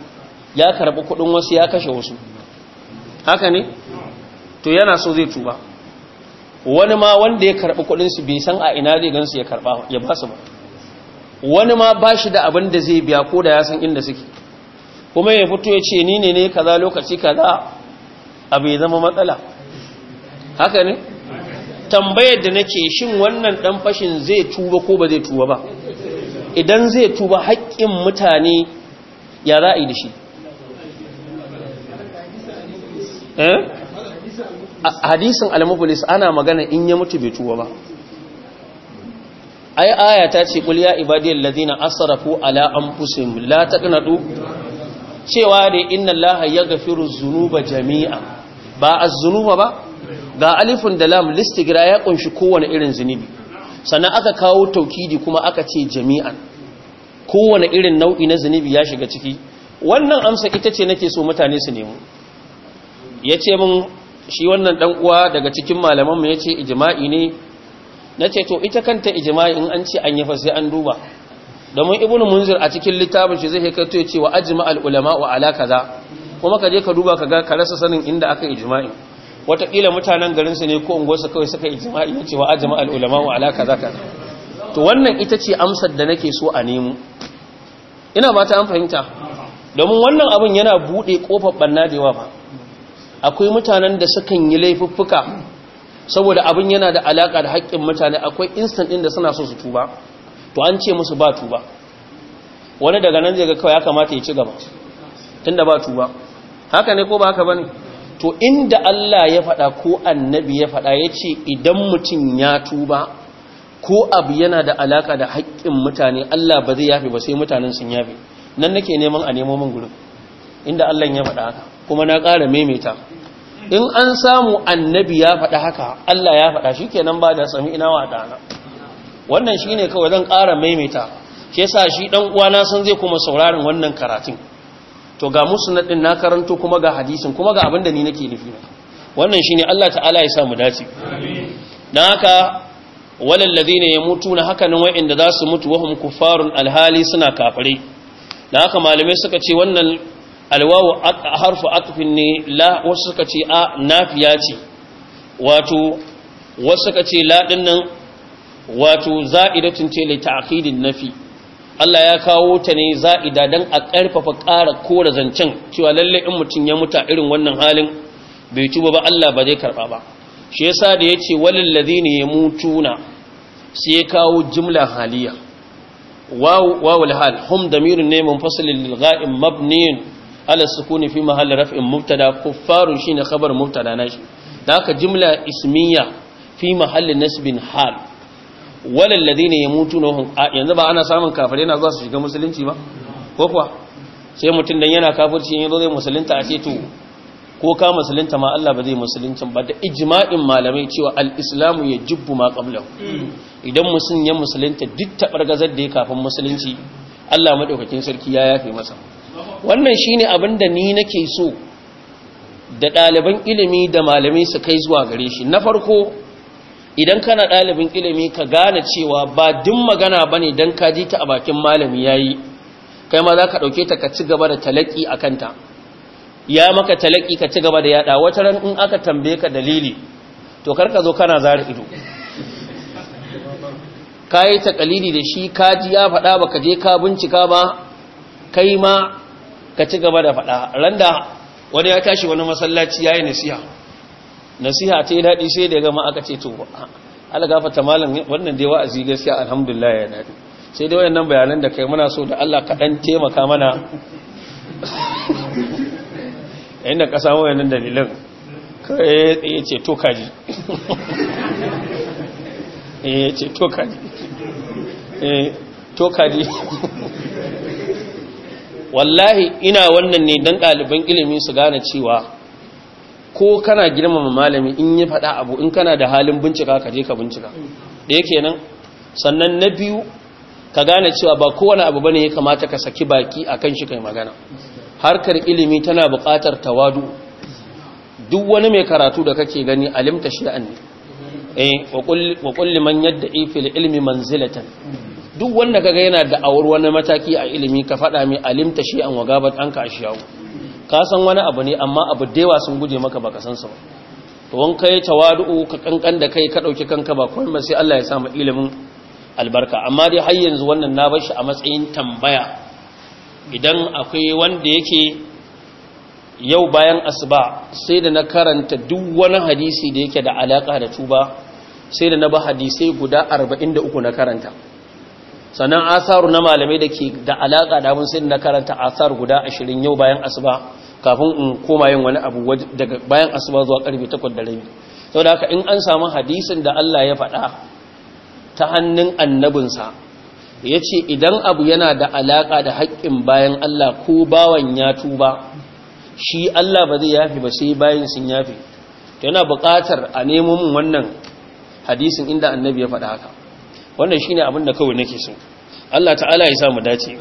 [SPEAKER 1] ya karbi kudin wasu ya kashe wasu haka ne to yana so zai tuba wani ma wanda ya karbi kudin su bai san a ina zai gansu ya karba ya ba ba wani ma ba shi da abin da zai biya ko da ya san inda suke kuma ya fito ya ce ni ne ne kaza lokaci kaza a bai zama matsala haka ne tambayar da nake shin wannan dan fashin zai tuba ko ba zai tuba ba idan zai tuba haƙƙin mutane ya za a yi da shi Eh? hadisin al ana magana in ya mutu bai tuwa ba ai aya ta ce kul ya ibadiyal ladina asrafu ala anfusihim la taqnatu cewa da inna allaha yaghfiru dhunuba jami'a ba az zunuba ba ga alifun da lam listigra ya kunshi kowane irin zunubi sannan aka kawo taukidi kuma aka ce jami'an kowane irin nau'i na zunubi ya shiga ciki wannan amsa ita ce nake so mutane su nemo ya ce mun shi wannan dan uwa daga cikin malamanmu ya ce ijima'i ne na ce to ita kanta ijma'i in an ce an yi sai an duba domin ibnu munzir a cikin littafin shi zai kaito ya ce wa ajma al ulama wa ala kaza kuma ka je ka duba ka ga ka rasa sanin inda aka ijma'i watakila mutanen garin ne ko unguwarsu kawai suka ijma'i ya ce wa ajma al ulama wa ala kaza kaza to wannan ita ce amsar da nake so a nemo ina ba ta an fahimta domin wannan abun yana buɗe ƙofar ɓanna da yawa ba akwai mutanen da sukan yi laifuffuka saboda abin yana da alaka da haƙƙin mutane akwai instant ɗin da suna so su tuba to an ce musu ba tuba wani daga nan daga kawai ya kamata ya ci gaba tunda ba tuba haka ne ko ba haka bane to inda Allah ya faɗa ko annabi ya faɗa ya ce idan mutum ya tuba ko abu yana da alaka da haƙƙin mutane Allah ba zai yafe ba sai mutanen sun yafe nan nake neman a nemo min gurin inda Allah ya faɗa haka kuma na ƙara maimaita in an samu annabi ya faɗa haka Allah ya faɗa shikenan ba da sami ina wa dana wannan shine kawai zan ƙara maimaita shi yasa shi dan uwana san zai kuma sauraron wannan karatun to ga musnad din na karanto kuma ga hadisin kuma ga abin da ni nake nufi wannan ne Allah ta'ala ya sa mu dace amin dan haka walal ladina yamutuna haka nan wa'inda za su mutu wahum kuffarun alhali suna kafare dan haka malamai suka ce wannan alwawu harfu atfin ne la wasu suka ce a nafiya ce wato wasu suka ce laɗin nan, wato za'idatun ce li ta'khidin nafi Allah ya kawo ta ne za'ida dan a ƙarfafa ƙara kora zancen cewa lalle in mutum ya muta irin wannan halin bai tuba ba Allah ba zai karɓa ba shi yasa da yace ya mutu na, sai ya kawo jimla haliya واو واو الحال هم fasalin منفصل للغائب مبني ala sukuni fi mahalli raf'in mubtada kuffarun shine khabar mubtada nashi da haka jimla ismiya fi mahalli nasbin hal wal ladina yamutuna hum yanzu ba ana samun kafirai na zuwa su shiga musulunci ba ko kuwa sai mutum dan yana kafirci yanzu zai musulunta a to ko ka musulunta ma Allah ba zai musulunci ba da ijma'in malamai cewa al-islamu yajibbu ma qablahu idan musulmin ya musulunta duk tabargazar da ya kafin musulunci Allah madaukakin sarki ya yafe masa wannan shine abin da ni nake so da ɗaliban ilimi da malamai su kai zuwa gare shi na farko idan kana ɗalibin ilimi ka gane cewa ba din magana ba ne don kaji ta a bakin malami ya yi kai ma za ka ɗauke ta ka ci gaba da talaki a kanta ya maka talaki ka ci gaba da yaɗa wata ran in aka tambaye ka dalili to kar ka zo kana zara ido ka yi takalili da shi kaji ya faɗa ba ka je ka bincika ba kai ma ka ci gaba da faɗa randa wani ya tashi wani masallaci yayi nasiha nasiha ta yi daɗi sai da gama aka ce to ta malam wannan dai wa'azi gaskiya alhamdulillah ya daɗi sai dai wayannan bayanan da kai muna so da Allah ka dan taimaka mana inda ka samu wayannan dalilan kai ya ce to kaji eh ce to kaji eh to kaji wallahi ina wannan ne dan ɗaliban ilimi su gane cewa ko kana girmama malami in yi faɗa abu in kana da halin bincika ka je ka bincika yake kenan sannan na biyu ka gane cewa ba kowane abu bane ya kamata ka saki baki akan shi kai magana harkar ilimi tana buƙatar tawadu duk wani mai karatu da kake gani alimta shir'an ne eh wa kulli man yadda ifil ilmi manzilatan duk wanda kaga yana da awar wani mataki a ilimi ka faɗa mai alimta shi an wagabat an ka ashiyawu ka san wani abu ne amma abu da sun guje maka baka san sa ba to wani kai ka kankan da kai ka ɗauki kanka ba kuma sai Allah ya sa mu ilimin albarka amma dai har yanzu wannan na bar shi a matsayin tambaya idan akwai wanda yake yau bayan asuba sai da na karanta duk wani hadisi da yake da alaka da tuba sai da na ba hadisai guda arba'in da uku na karanta sannan asaru na malamai da ke da alaƙa da abin sai na karanta asar guda ashirin yau bayan asuba kafin in koma yin wani abu daga bayan asuba zuwa ƙarfe takwas da rabi sau da haka in an samu hadisin da Allah ya faɗa ta hannun annabinsa ya ce idan abu yana da alaƙa da haƙƙin bayan Allah ko bawan ya tuba shi Allah ba zai yafi ba sai bayan sun yafi yana buƙatar a nemo mun wannan hadisin inda annabi ya faɗa haka wannan shine abin da kawai nake so Allah ta'ala ya sa mu dace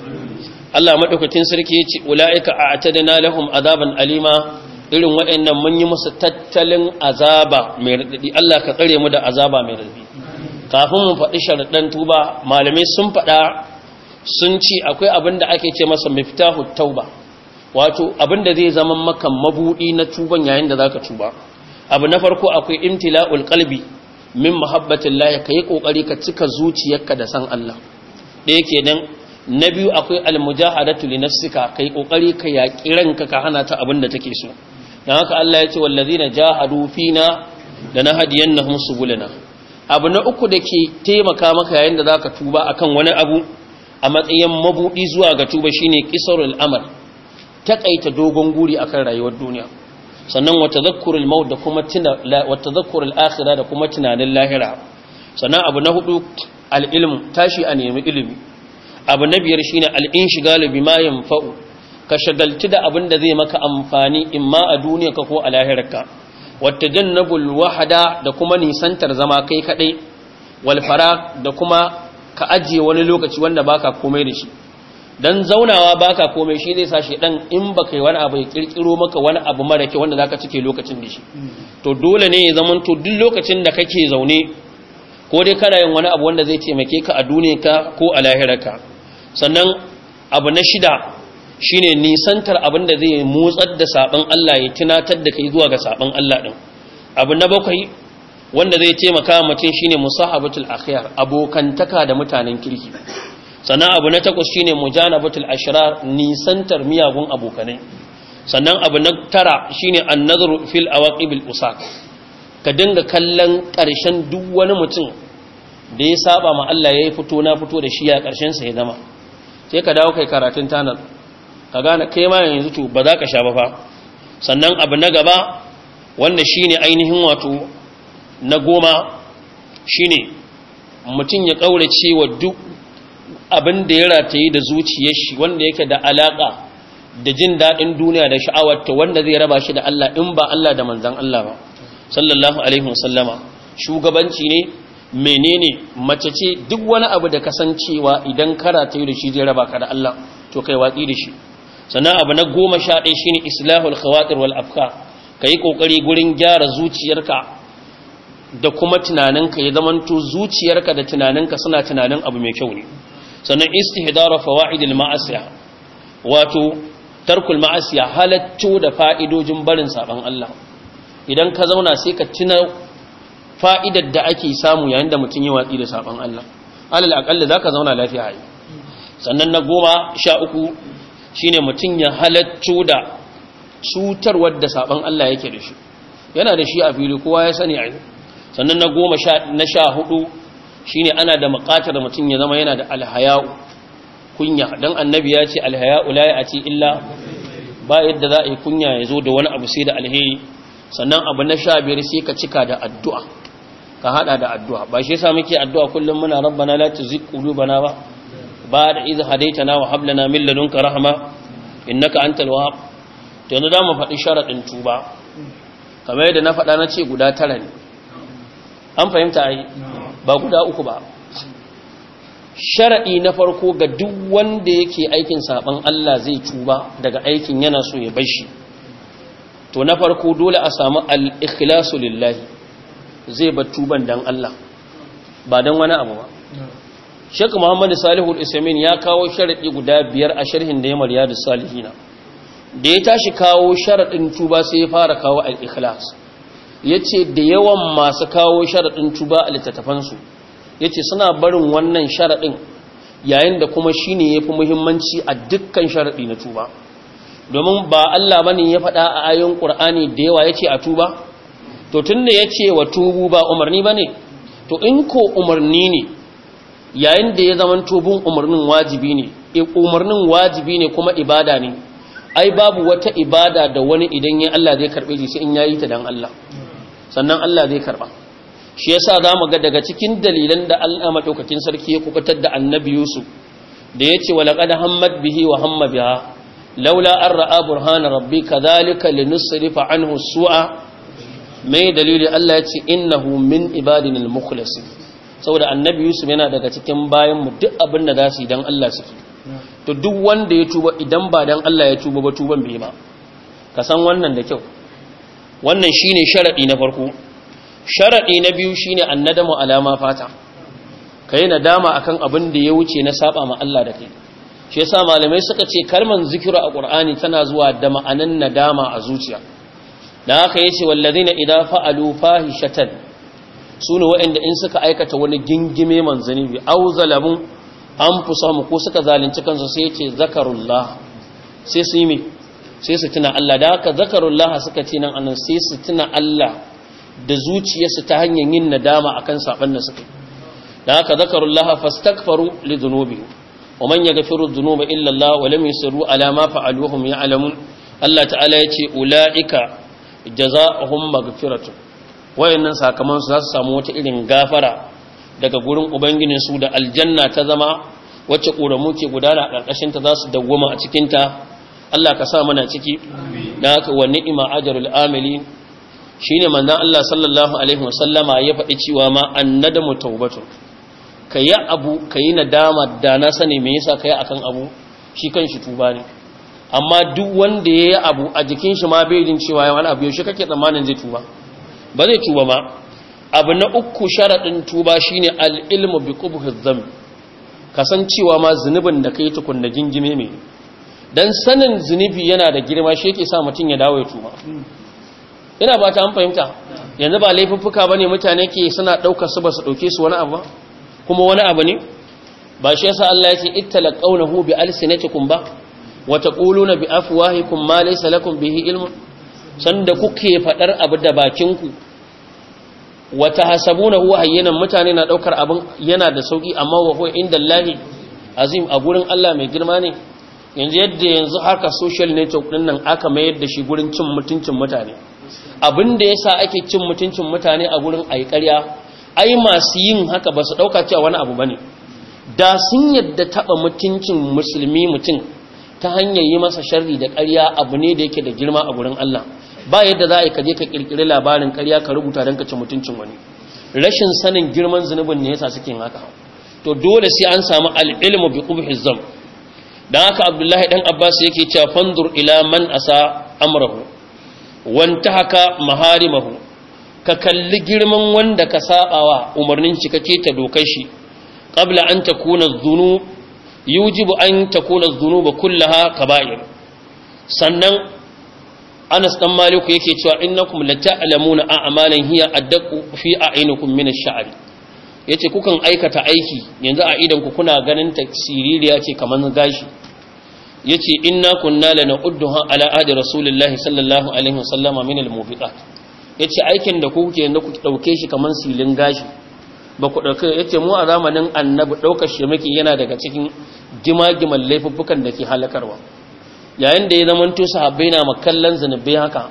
[SPEAKER 1] Allah madaukakin sarki ya ce ulaika a'tadna lahum azaban alima irin waɗannan mun yi musu tattalin azaba mai radadi Allah ka tsare mu da azaba mai radadi kafin mu faɗi sharadan tuba malamai sun faɗa sun ce akwai abin da ake ce masa miftahu tauba wato abin da zai zama maka mabudi na tuban yayin da zaka tuba abu na farko akwai imtila'ul qalbi min muhabbatin lahi ka yi ƙoƙari ka cika zuciyarka da san Allah ɗaya kenan na biyu akwai almujahadatu li nafsika ka yi ƙoƙari ka yaƙi ranka ka hana ta abin da take so dan haka Allah ya ce wallazina jahadu fina da lanahdiyannahum subulana abu na uku da ke taimaka maka yayin da za ka tuba akan wani abu a matsayin mabuɗi zuwa ga tuba shine ƙisar amal takaita dogon guri akan rayuwar duniya sannan wa tadhakkurul maut da kuma tunanin lahira sannan abu na hudu al tashi a nemi ilimi abu na biyar shine al-inshigalu bima yanfa'u ka shagaltu da abin da zai maka amfani imma a duniya ka ko a lahirarka jannabul wahada da kuma nisantar zama kai kaɗai walfara da kuma ka ajiye wani lokaci wanda baka komai da shi dan zaunawa baka komai shi zai sa shedan in baka yi wani abu ya kirkiro maka wani abu mara kyau wanda zaka cike lokacin da shi to dole ne ya zama to duk lokacin da kake zaune ko dai kana yin wani abu wanda zai taimake ka a duniyarka ko a lahirarka sannan abu na shida shine nisantar abin da zai motsar da sabon Allah ya tunatar da kai zuwa ga sabon Allah din abu na bakwai wanda zai taimaka mutum shine musahabatul akhyar abokantaka da mutanen kirki sannan abu na takwas shine mujanabatul ashrar nisantar miyagun abokanai sannan abu na tara shine annazaru fil awaqibil usaq ka dinga kallon ƙarshen duk wani mutum da ya saba ma Allah ya fito na fito da shi ya ƙarshen sa ya zama sai ka dawo kai karatun tanar ka gane kai ma yanzu to ba za ka sha ba fa sannan abu na gaba wanda shine ainihin wato na goma shine mutum ya kaurace wa duk abin da ya yi da zuciyar shi wanda yake da alaka da jin daɗin duniya da sha'awarta wanda zai raba shi da Allah in ba Allah da manzan Allah ba sallallahu alaihi wasallama shugabanci ne menene mace ce duk wani abu da kasancewa idan yi da shi zai raba ka da Allah to kai watsi da shi sannan abu na goma sha ɗaya shine islahul khawatir wal ka yi kokari gurin gyara zuciyarka da kuma tunaninka ya zamanto zuciyarka da tunaninka suna tunanin abu mai kyau ne sannan istihdara fawaidil ma'asiya wato tarkul ma'asiya halatto da fa'idojin barin saban Allah idan ka zauna sai ka tuna fa'idar da ake samu yayin da mutum ya watsi da saban Allah alal aqalla zaka zauna lafiya ai sannan na goma sha uku shine mutum ya halatto da cutarwar da saban Allah yake da shi yana da shi a fili kowa ya sani ai sannan na goma sha na sha hudu Shi ne ana da da mutum ya zama yana da alhaya'u kunya Don annabi ya ce alhaya'u a ci illa ba yadda za a yi kunya ya zo da wani abu sai da alheri sannan abu na sha biyar sai ka cika da addu'a ka hada da addu'a ba shi yasa muke addu'a kullum muna rabbana la tuzigh qulubana ba ba da iz hadaitana wa hab lana min ladunka rahma innaka antal wahhab to yanzu da mu faɗi sharadin tuba kamar yadda na faɗa na ce guda tara ne an fahimta ai ba guda uku ba sharaɗi na farko ga duk wanda yake aikin saɓan Allah zai tuba daga aikin yana so ya bashi to na farko dole a samu al-ikhlasu lillahi zai ba tuban dan Allah ba dan wani abu ba Sheikh Muhammad Salihu al-Isamin ya kawo sharaɗi guda biyar a sharhin da ya mariya da salihina da ya tashi kawo sharaɗin tuba sai ya fara kawo al-ikhlas ya ce da yawan masu kawo sharaɗin tuba a littattafansu ya ce suna barin wannan sharaɗin yayin da kuma shi ne ya fi muhimmanci a dukkan sharaɗi na tuba domin ba Allah mani ya faɗa a ayin ƙur'ani da yawa ya ce a tuba to tun da ya ce wa tubu ba umarni ba ne to in ko umarni ne yayin da ya zama tubun umarnin wajibi ne e umarnin wajibi ne kuma ibada ne ai babu wata ibada da wani idan ya Allah zai karɓe shi sai in yi ta dan Allah sannan Allah zai karba shi yasa zamu ga daga cikin dalilan da Allah madaukakin sarki ya kubutar da annabi Yusuf da yace wa qad hammat bihi wa hamma biha laula an ra'a burhana rabbi kadhalika linusrifa anhu su'a mai dalili Allah ya yace innahu min ibadinal mukhlasin saboda annabi Yusuf yana daga cikin bayan mu duk abin da zasu yi dan Allah suke to duk wanda ya tuba idan ba dan Allah ya tuba ba tuban bai ba ka san wannan da kyau wannan shine sharaɗi na farko Sharaɗi na biyu shine nadama alama fata Ka yi nadama a kan abin da ya wuce na saba ma Allah da kai shi yasa malamai suka ce kalman zikiru a ƙur'ani tana zuwa da ma'anan nadama a zuciya da ce wallazi na idza fa'alu Su ne waɗanda in suka aikata wani gingime manzanibi an zalamun mu ko suka zalunci kansu sai ce zakarullah sai su yi sai su tuna Allah da haka Laha suka ce nan anan sai su tuna Allah da zuciyarsu ta hanyar yin nadama akan saban da suka da haka zakarullah fastaghfaru li dhunubihim wa man yaghfiru dhunuba illa Allah wa lam yusirru ala ma fa'aluhum ya'lamun Allah ta'ala yace ulaika jazaohum maghfiratun wayannan su za su samu wata irin gafara daga gurin ubangijin su da aljanna ta zama wacce ƙoramu ke gudana a ƙarƙashinta za su dawwama a cikinta Allah ka sa mana ciki da haka wa ni'ima ajarul amili ne manzan Allah sallallahu alaihi wasallama ya faɗi cewa ma taubatu Ka yi abu ka yi nadama da na sani me yasa ka yi a kan abu shi kan shi tuba ne amma duk wanda ya yi abu a jikin shi ma bai jin cewa wani abu yaushe kake tsammanin zai tuba ba zai tuba ma. abu na uku sharaɗin tuba shine ne al'ilmu bi Ka san cewa ma zunubin da kai tukunna gingime mai dan sanin zinubi yana da girma shi yake sa mutum ya dawo ya tuba ina ba ta an fahimta yanzu ba laifuffuka ba ne mutane ke suna ɗaukar su ba su dauke su wani abu ba kuma wani abu ne ba shi yasa Allah ya ce ittalaqawnahu bi alsinatikum ba wa taquluna bi afwahikum ma laysa lakum bihi ilmun sanda kuke fadar abu da bakin ku wa huwa hayyanan mutane na ɗaukar abun yana da sauki amma wa huwa indallahi azim a gurin Allah mai girma ne yanzu yadda yanzu haka social network din nan aka mayar da shi gurin cin mutuncin mutane abin da yasa ake cin mutuncin mutane a gurin ayi ƙarya ai masu yin haka ba su ɗauka cewa wani abu bane da sun yadda taɓa mutuncin musulmi mutum ta hanyar yi masa sharri da ƙarya abu ne da yake da girma a gurin Allah ba yadda za a yi kaje ka ƙirƙiri labarin ƙarya ka rubuta don ka ci mutuncin wani rashin sanin girman zunubin ne yasa suke haka to dole sai an samu al'ilmu bi qubhi dan haka abdullahi dan abbas yake cewa fandur ila man asa amrahu wanta haka maharimahu ka kalli girman wanda ka sabawa umarnin shi kake ta dokar shi qabla an takuna dhunub yujibu an takuna dhunub kullaha kaba'ir sannan Anas dan Maliku yake cewa innakum lata'lamuna a'malan hiya addaqu fi a min ash-sha'ri yace kukan aikata aiki yanzu a idan ku kuna ganin ta siririya ce kamar gashi yace inna kunna lanudduha ala ahdi rasulillahi sallallahu alaihi wasallama min ya yace aikin da ku kuke yanzu ku ɗauke shi kamar silin gashi ba ku ɗauke ya yace mu a zamanin annabi ɗaukar shi yana daga cikin gimagiman laifuffukan da ke halakarwa yayin da ya zama zamanto sahabbai na makallan zanubai haka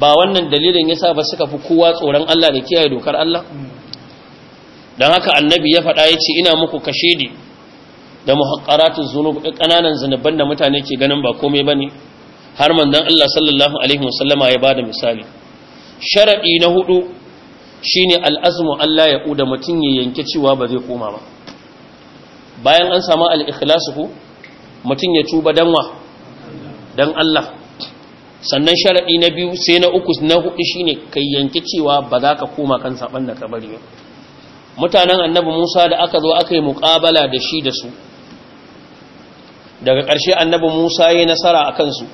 [SPEAKER 1] ba wannan dalilin yasa ba suka fi kowa tsoron Allah da kiyaye dokar Allah don haka annabi ya faɗa ya ce ina muku kashedi da muhaqqaratuz zunub ƙananan zunuban da mutane ke ganin ba komai bane har manzon Allah sallallahu alaihi wasallama ya bada misali sharadi na hudu shine al'azmu Allah ya uda mutun ya yanke cewa ba zai koma ba bayan an samu al-ikhlas ku mutun ya tuba wa dan Allah sannan sharadi na biyu sai na uku na hudu shine kai yanke cewa ba za ka koma kan saban da ka bari ba mutanen annabi Musa da aka zo aka yi muƙabala da shi da su daga ƙarshe annabi Musa ya yi nasara a kansu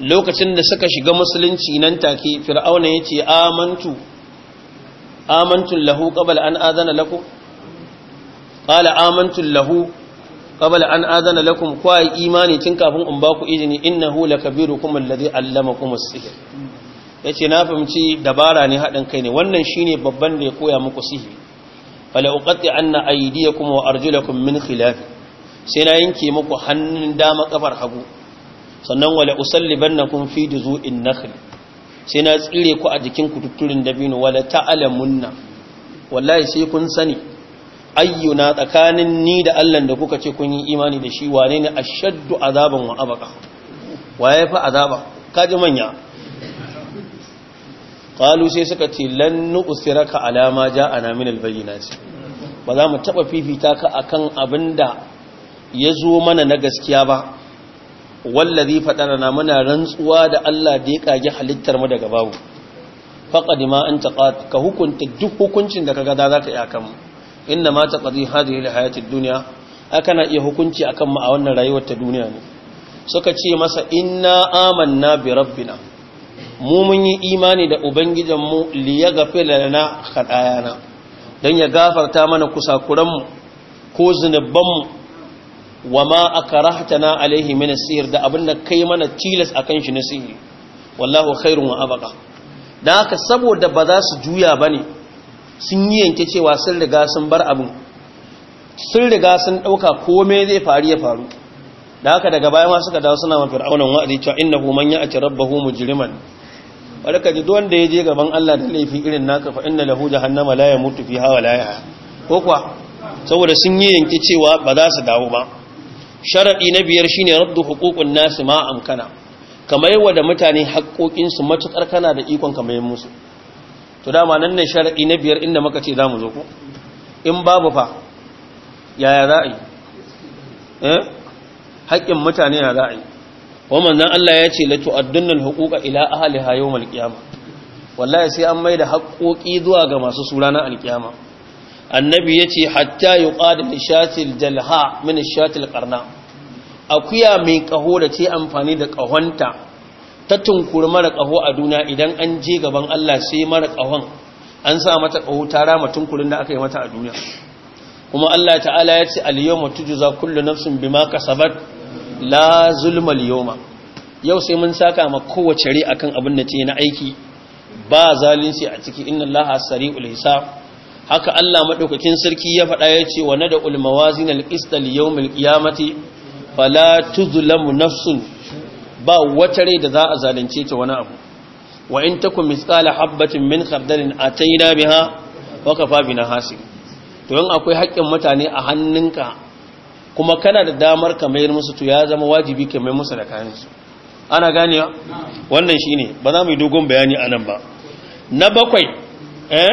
[SPEAKER 1] lokacin da suka shiga musulunci nan take fir'auna ya ce amantu amantun lahu qabla an azana lakum qala amantun lahu qabla an azana lakum kwa imani tun kafin in ba ku izini innahu lakabirukum alladhi allamakum kuma sihir. ya ce na fahimci dabara ne haɗin kai ne wannan shi ne babban da ya koya muku sihi fala falauƙaɗe an na aidiya kuma wa arjulakun min khilafi sai na yanke muku hannun dama ƙafar hagu sannan wale usalliban na kun fi da na khil sai na tsire ku a jikin kututturin dabino wale munna wallahi sai kun sani ayyuna tsakanin ni da allan da kuka ce kun yi imani da shi wane ne ashaddu azaban wa abaka waye fa azaba kaji manya qalu sai suka ce lan nu'siraka a ma ja'ana min albayyinati ba za mu taba fifita ka abin da ya zo mana na gaskiya ba wallazi na muna rantsuwa da Allah da ya kage halittar mu daga babu faqad ma anta qat ka hukunta duk hukuncin da kaga za ka yi akan mu inna ma taqdi hadhihi alhayati ad-dunya akana iya hukunci akan mu a wannan rayuwar ta duniya ne suka ce masa inna amanna bi rabbina mu mun yi imani da li liya gafe lalana kaɗayana don ya gafarta mana kusakuranmu ko zunubanmu wa ma aka alaihi mina sihir da abin da kai mana tilas a kan shi na sihiri wallahu khairun wa abaka da haka saboda ba za su juya ba ne sun yi yanke cewa sun riga sun bar abin sun riga sun ɗauka komai zai faru ya faru da haka daga baya ma suka dawo suna ma fir'aunan wa'adi cewa innahu man ya'ti rabbahu mujiriman. bari ka ji don da ya je gaban Allah da laifi irin naka fa inna lahu jahannama la yamutu fiha wa la yahya ko kuwa saboda sun yi yanki cewa ba za su dawo ba sharadi na biyar shine raddu huququn nas ma amkana kamar yawa da mutane haƙoƙin su matukar kana da ikon kamar musu to dama nan ne sharadi na biyar inda muka ce zamu zo ko in babu fa yaya za a yi eh haƙƙin mutane ya za a yi wa dan Allah ya ce la tu'addunna al-huquqa ila ahliha yawm al-qiyamah wallahi sai an maida haƙoƙi zuwa ga masu sura na al-qiyama annabi yace hatta yuqad lishatil jalha min shatil qarna akuya mai kaho da ce amfani da kahonta ta tunkuri mara kaho a duniya idan an je gaban Allah sai mara kahon an sa mata kaho ta rama tunkurin da aka yi mata a duniya kuma Allah ta'ala ya ce al-yawma tujza kullu nafsin bima kasabat la zulmal yoma yau sai mun saka ma kowace ri akan abin da ce na aiki ba zalunci a ciki inna allaha sari'ul hisab haka Allah madaukakin sarki ya faɗa ya ce wa nada ul mawazin al qist al yawm al qiyamati fala tuzlamu nafsun ba wata rai da za a zalunce ta wani abu wa in takum misqala habatin min khardalin ataina biha wa kafa bina hasib to in akwai haƙƙin mutane a hannunka kuma kana da damar ka mayar musu to ya zama wajibi ka mayar musu da kayansu ana ganewa wannan shine ba za mu yi dogon bayani a nan ba na bakwai eh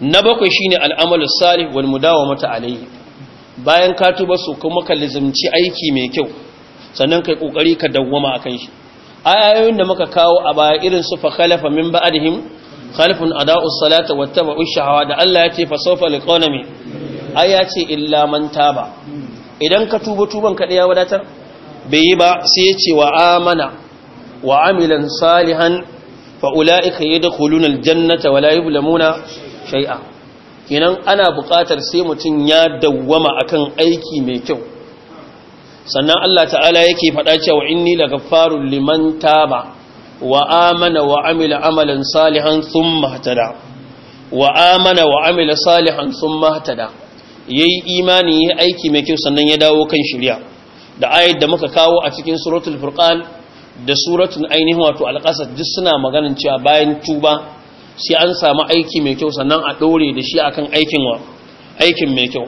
[SPEAKER 1] na bakwai shine al'amalu salih wal mudawamata alayhi bayan ka tuba su kuma ka lizimci aiki mai kyau sannan kai kokari ka dawwama akan shi ayoyin da muka kawo a baya irin su fa khalafa min ba'dihim khalafun ada'u salata wattaba'u shahawa da Allah ya ce fa sawfa liqawmi ai illa man taba idan ka tuba tuban ka ya wadatar bai yi ba sai ya ce wa amana wa amilan salihan fa ula'ika yadkhuluna aljannata wa la yuzlamuna shai'a. kinan ana buƙatar sai mutum ya dawwama akan aiki mai kyau sannan Allah ta'ala yake faɗa cewa inni ni liman taba wa amana wa amila amalan salihan sun mahtada wa amana wa amila salihan sun ihtada ya yi imani yayi aiki mai kyau sannan ya dawo kan shirya da ayat da muka kawo a cikin suratul furqan da suratul ainihin wato alqasas duk suna maganin cewa bayan tuba sai an samu aiki mai kyau sannan a dore da shi akan aikin wa aikin mai kyau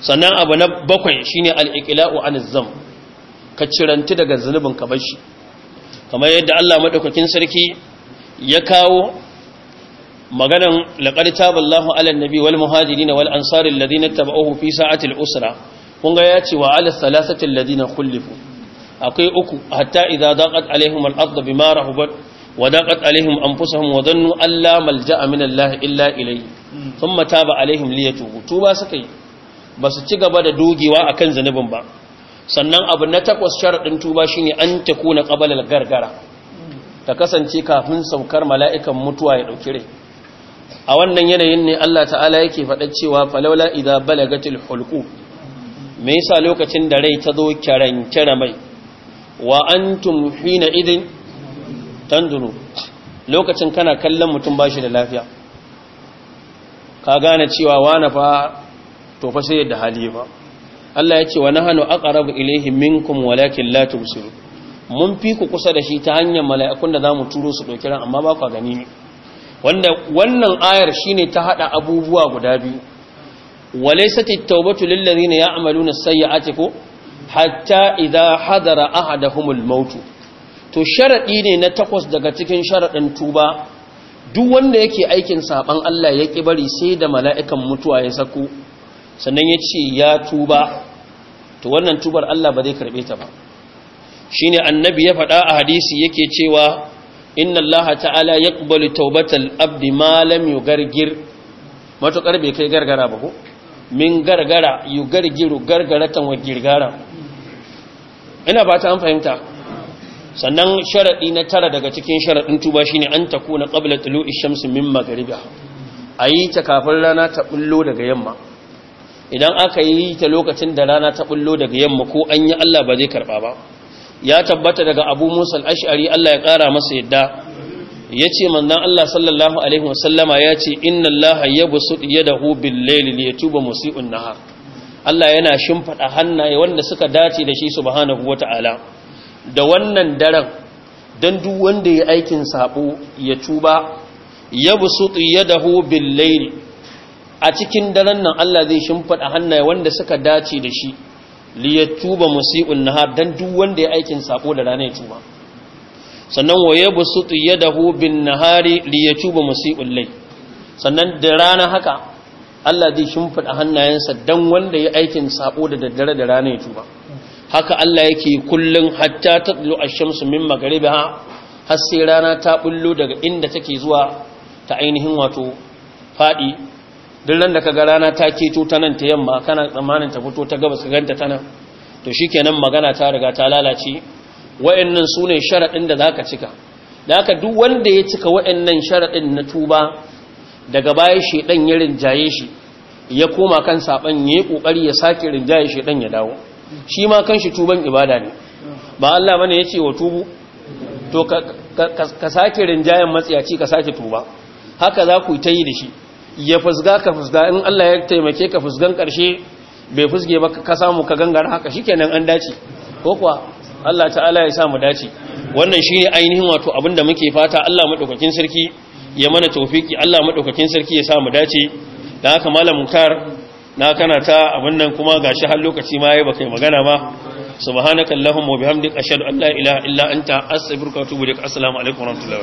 [SPEAKER 1] sannan abu na bakwai shine al-iqla'u zam. ka ciranti daga zunubin ka bar shi kamar yadda Allah madaukakin sarki ya kawo maganan laqad taballahu ala annabi wal muhajirin wal ansar alladhina tabauhu fi sa'ati usra kun ga ya ce wa ala thalathati alladhina khulifu akwai uku hatta idza daqat alaihim al ard bima rahabat wa daqat alaihim anfusuhum wa dhannu alla malja'a min allah illa ilayhi thumma taba alaihim liyatubu tuba suka yi ba su ci gaba da dogewa akan zanubin ba sannan abu na takwas sharadin tuba shine an takuna qabala al gargara ta kasance kafin saukar mala'ikan mutuwa ya dauki rai a wannan yanayin ne Allah ta'ala yake faɗa cewa falaula idza balagatil hulqu me yasa lokacin da rai ta zo kiran mai wa antum hina idin tanduru lokacin kana kallon mutum bashi da lafiya ka gane cewa wani fa to fa sai da hali ba Allah ya ce wa nahnu aqrabu ilayhi minkum walakin la tubsirun mun fi ku kusa da shi ta hanyar mala'ikun da zamu turo su dokiran amma ba ku gani ne wannan ayar shine ta hada abubuwa guda biyu walaysat at-taubatu lil ladina ya'maluna sayyiati ko hatta idha hadara humul maut to sharaɗi ne na takwas daga cikin sharaɗin tuba duk wanda yake aikin saban Allah ya ki bari sai da mala'ikan mutuwa ya sako sannan ya ce ya tuba to wannan tubar Allah ba zai karbe ta ba shine annabi ya faɗa a hadisi yake cewa inna Allah ta'ala yaqbalu tawbatal abdi malam lam yugargir matukar bai kai gargara ba ko min gargara gargiru gargaratan wa girgara ina ba ta an fahimta sannan sharaɗi na tara daga cikin sharaɗin tuba shine an kuna qabla tulu'i shamsi min A ayi ta kafin rana ta bullo daga yamma idan aka yi ta lokacin da rana ta bullo daga yamma ko an yi Allah ba zai karɓa ba ya tabbata daga abu musa al'ashari Allah ya ƙara masa yadda ya ce manna Allah sallallahu Alaihi wasallama ya ce inna Allah ya busu ya dahu billeli ya tuba na ha Allah yana shimfaɗa hannaye wanda suka dace da shi su subhanahu wa ta'ala da wannan daren don duk wanda ya aikin saɓo, ya tuba ya busu ya dahu billeli a cikin daren nan Allah zai shimfaɗa hannaye wanda suka dace da shi li tuba musii'un nahar dan duk wanda ya aikin sako da rana ya tuba sannan waye busutu yadahu bin nahari li tuba musii'ul lay sannan da rana haka Allah zai shimfida hannayensa dan wanda ya aikin sako da daddare da rana ya tuba haka Allah yake kullun hatta tatlu ash-shamsu min magharibiha har sai rana ta bullo daga inda take zuwa ta ainihin wato fadi duk nan da kaga rana ta keto ta nan ta yamma kana tsammanin ta fito ta gabas ka ganta ta nan to shikenan magana ta riga ta lalace wayannan sune sharaɗin da zaka cika da haka duk wanda ya cika waɗannan sharaɗin na tuba daga baya shedan ya rinjaye shi ya koma kan saban ya yi kokari ya sake rinjaye shedan ya dawo shi ma kan shi tuban ibada ne ba Allah bane yace wa tubu to ka sake rinjayen matsiyaci ka sake tuba haka za ku yi ta yi da shi ya fusga ka fusga in Allah ya taimake ka fusgan karshe bai fusge ba ka samu ka gangar haka shikenan an dace ko kuwa Allah ta'ala ya samu dace wannan shine ainihin wato abinda muke fata Allah madaukakin sarki ya mana tawfiki Allah madaukakin sarki ya samu dace dan haka malam mukar na kana ta abin nan kuma gashi har lokaci ma yayi baka magana ba subhanakallahumma wa bihamdika ashhadu an la ilaha illa anta astaghfiruka wa atubu ilaik assalamu alaikum wa rahmatullahi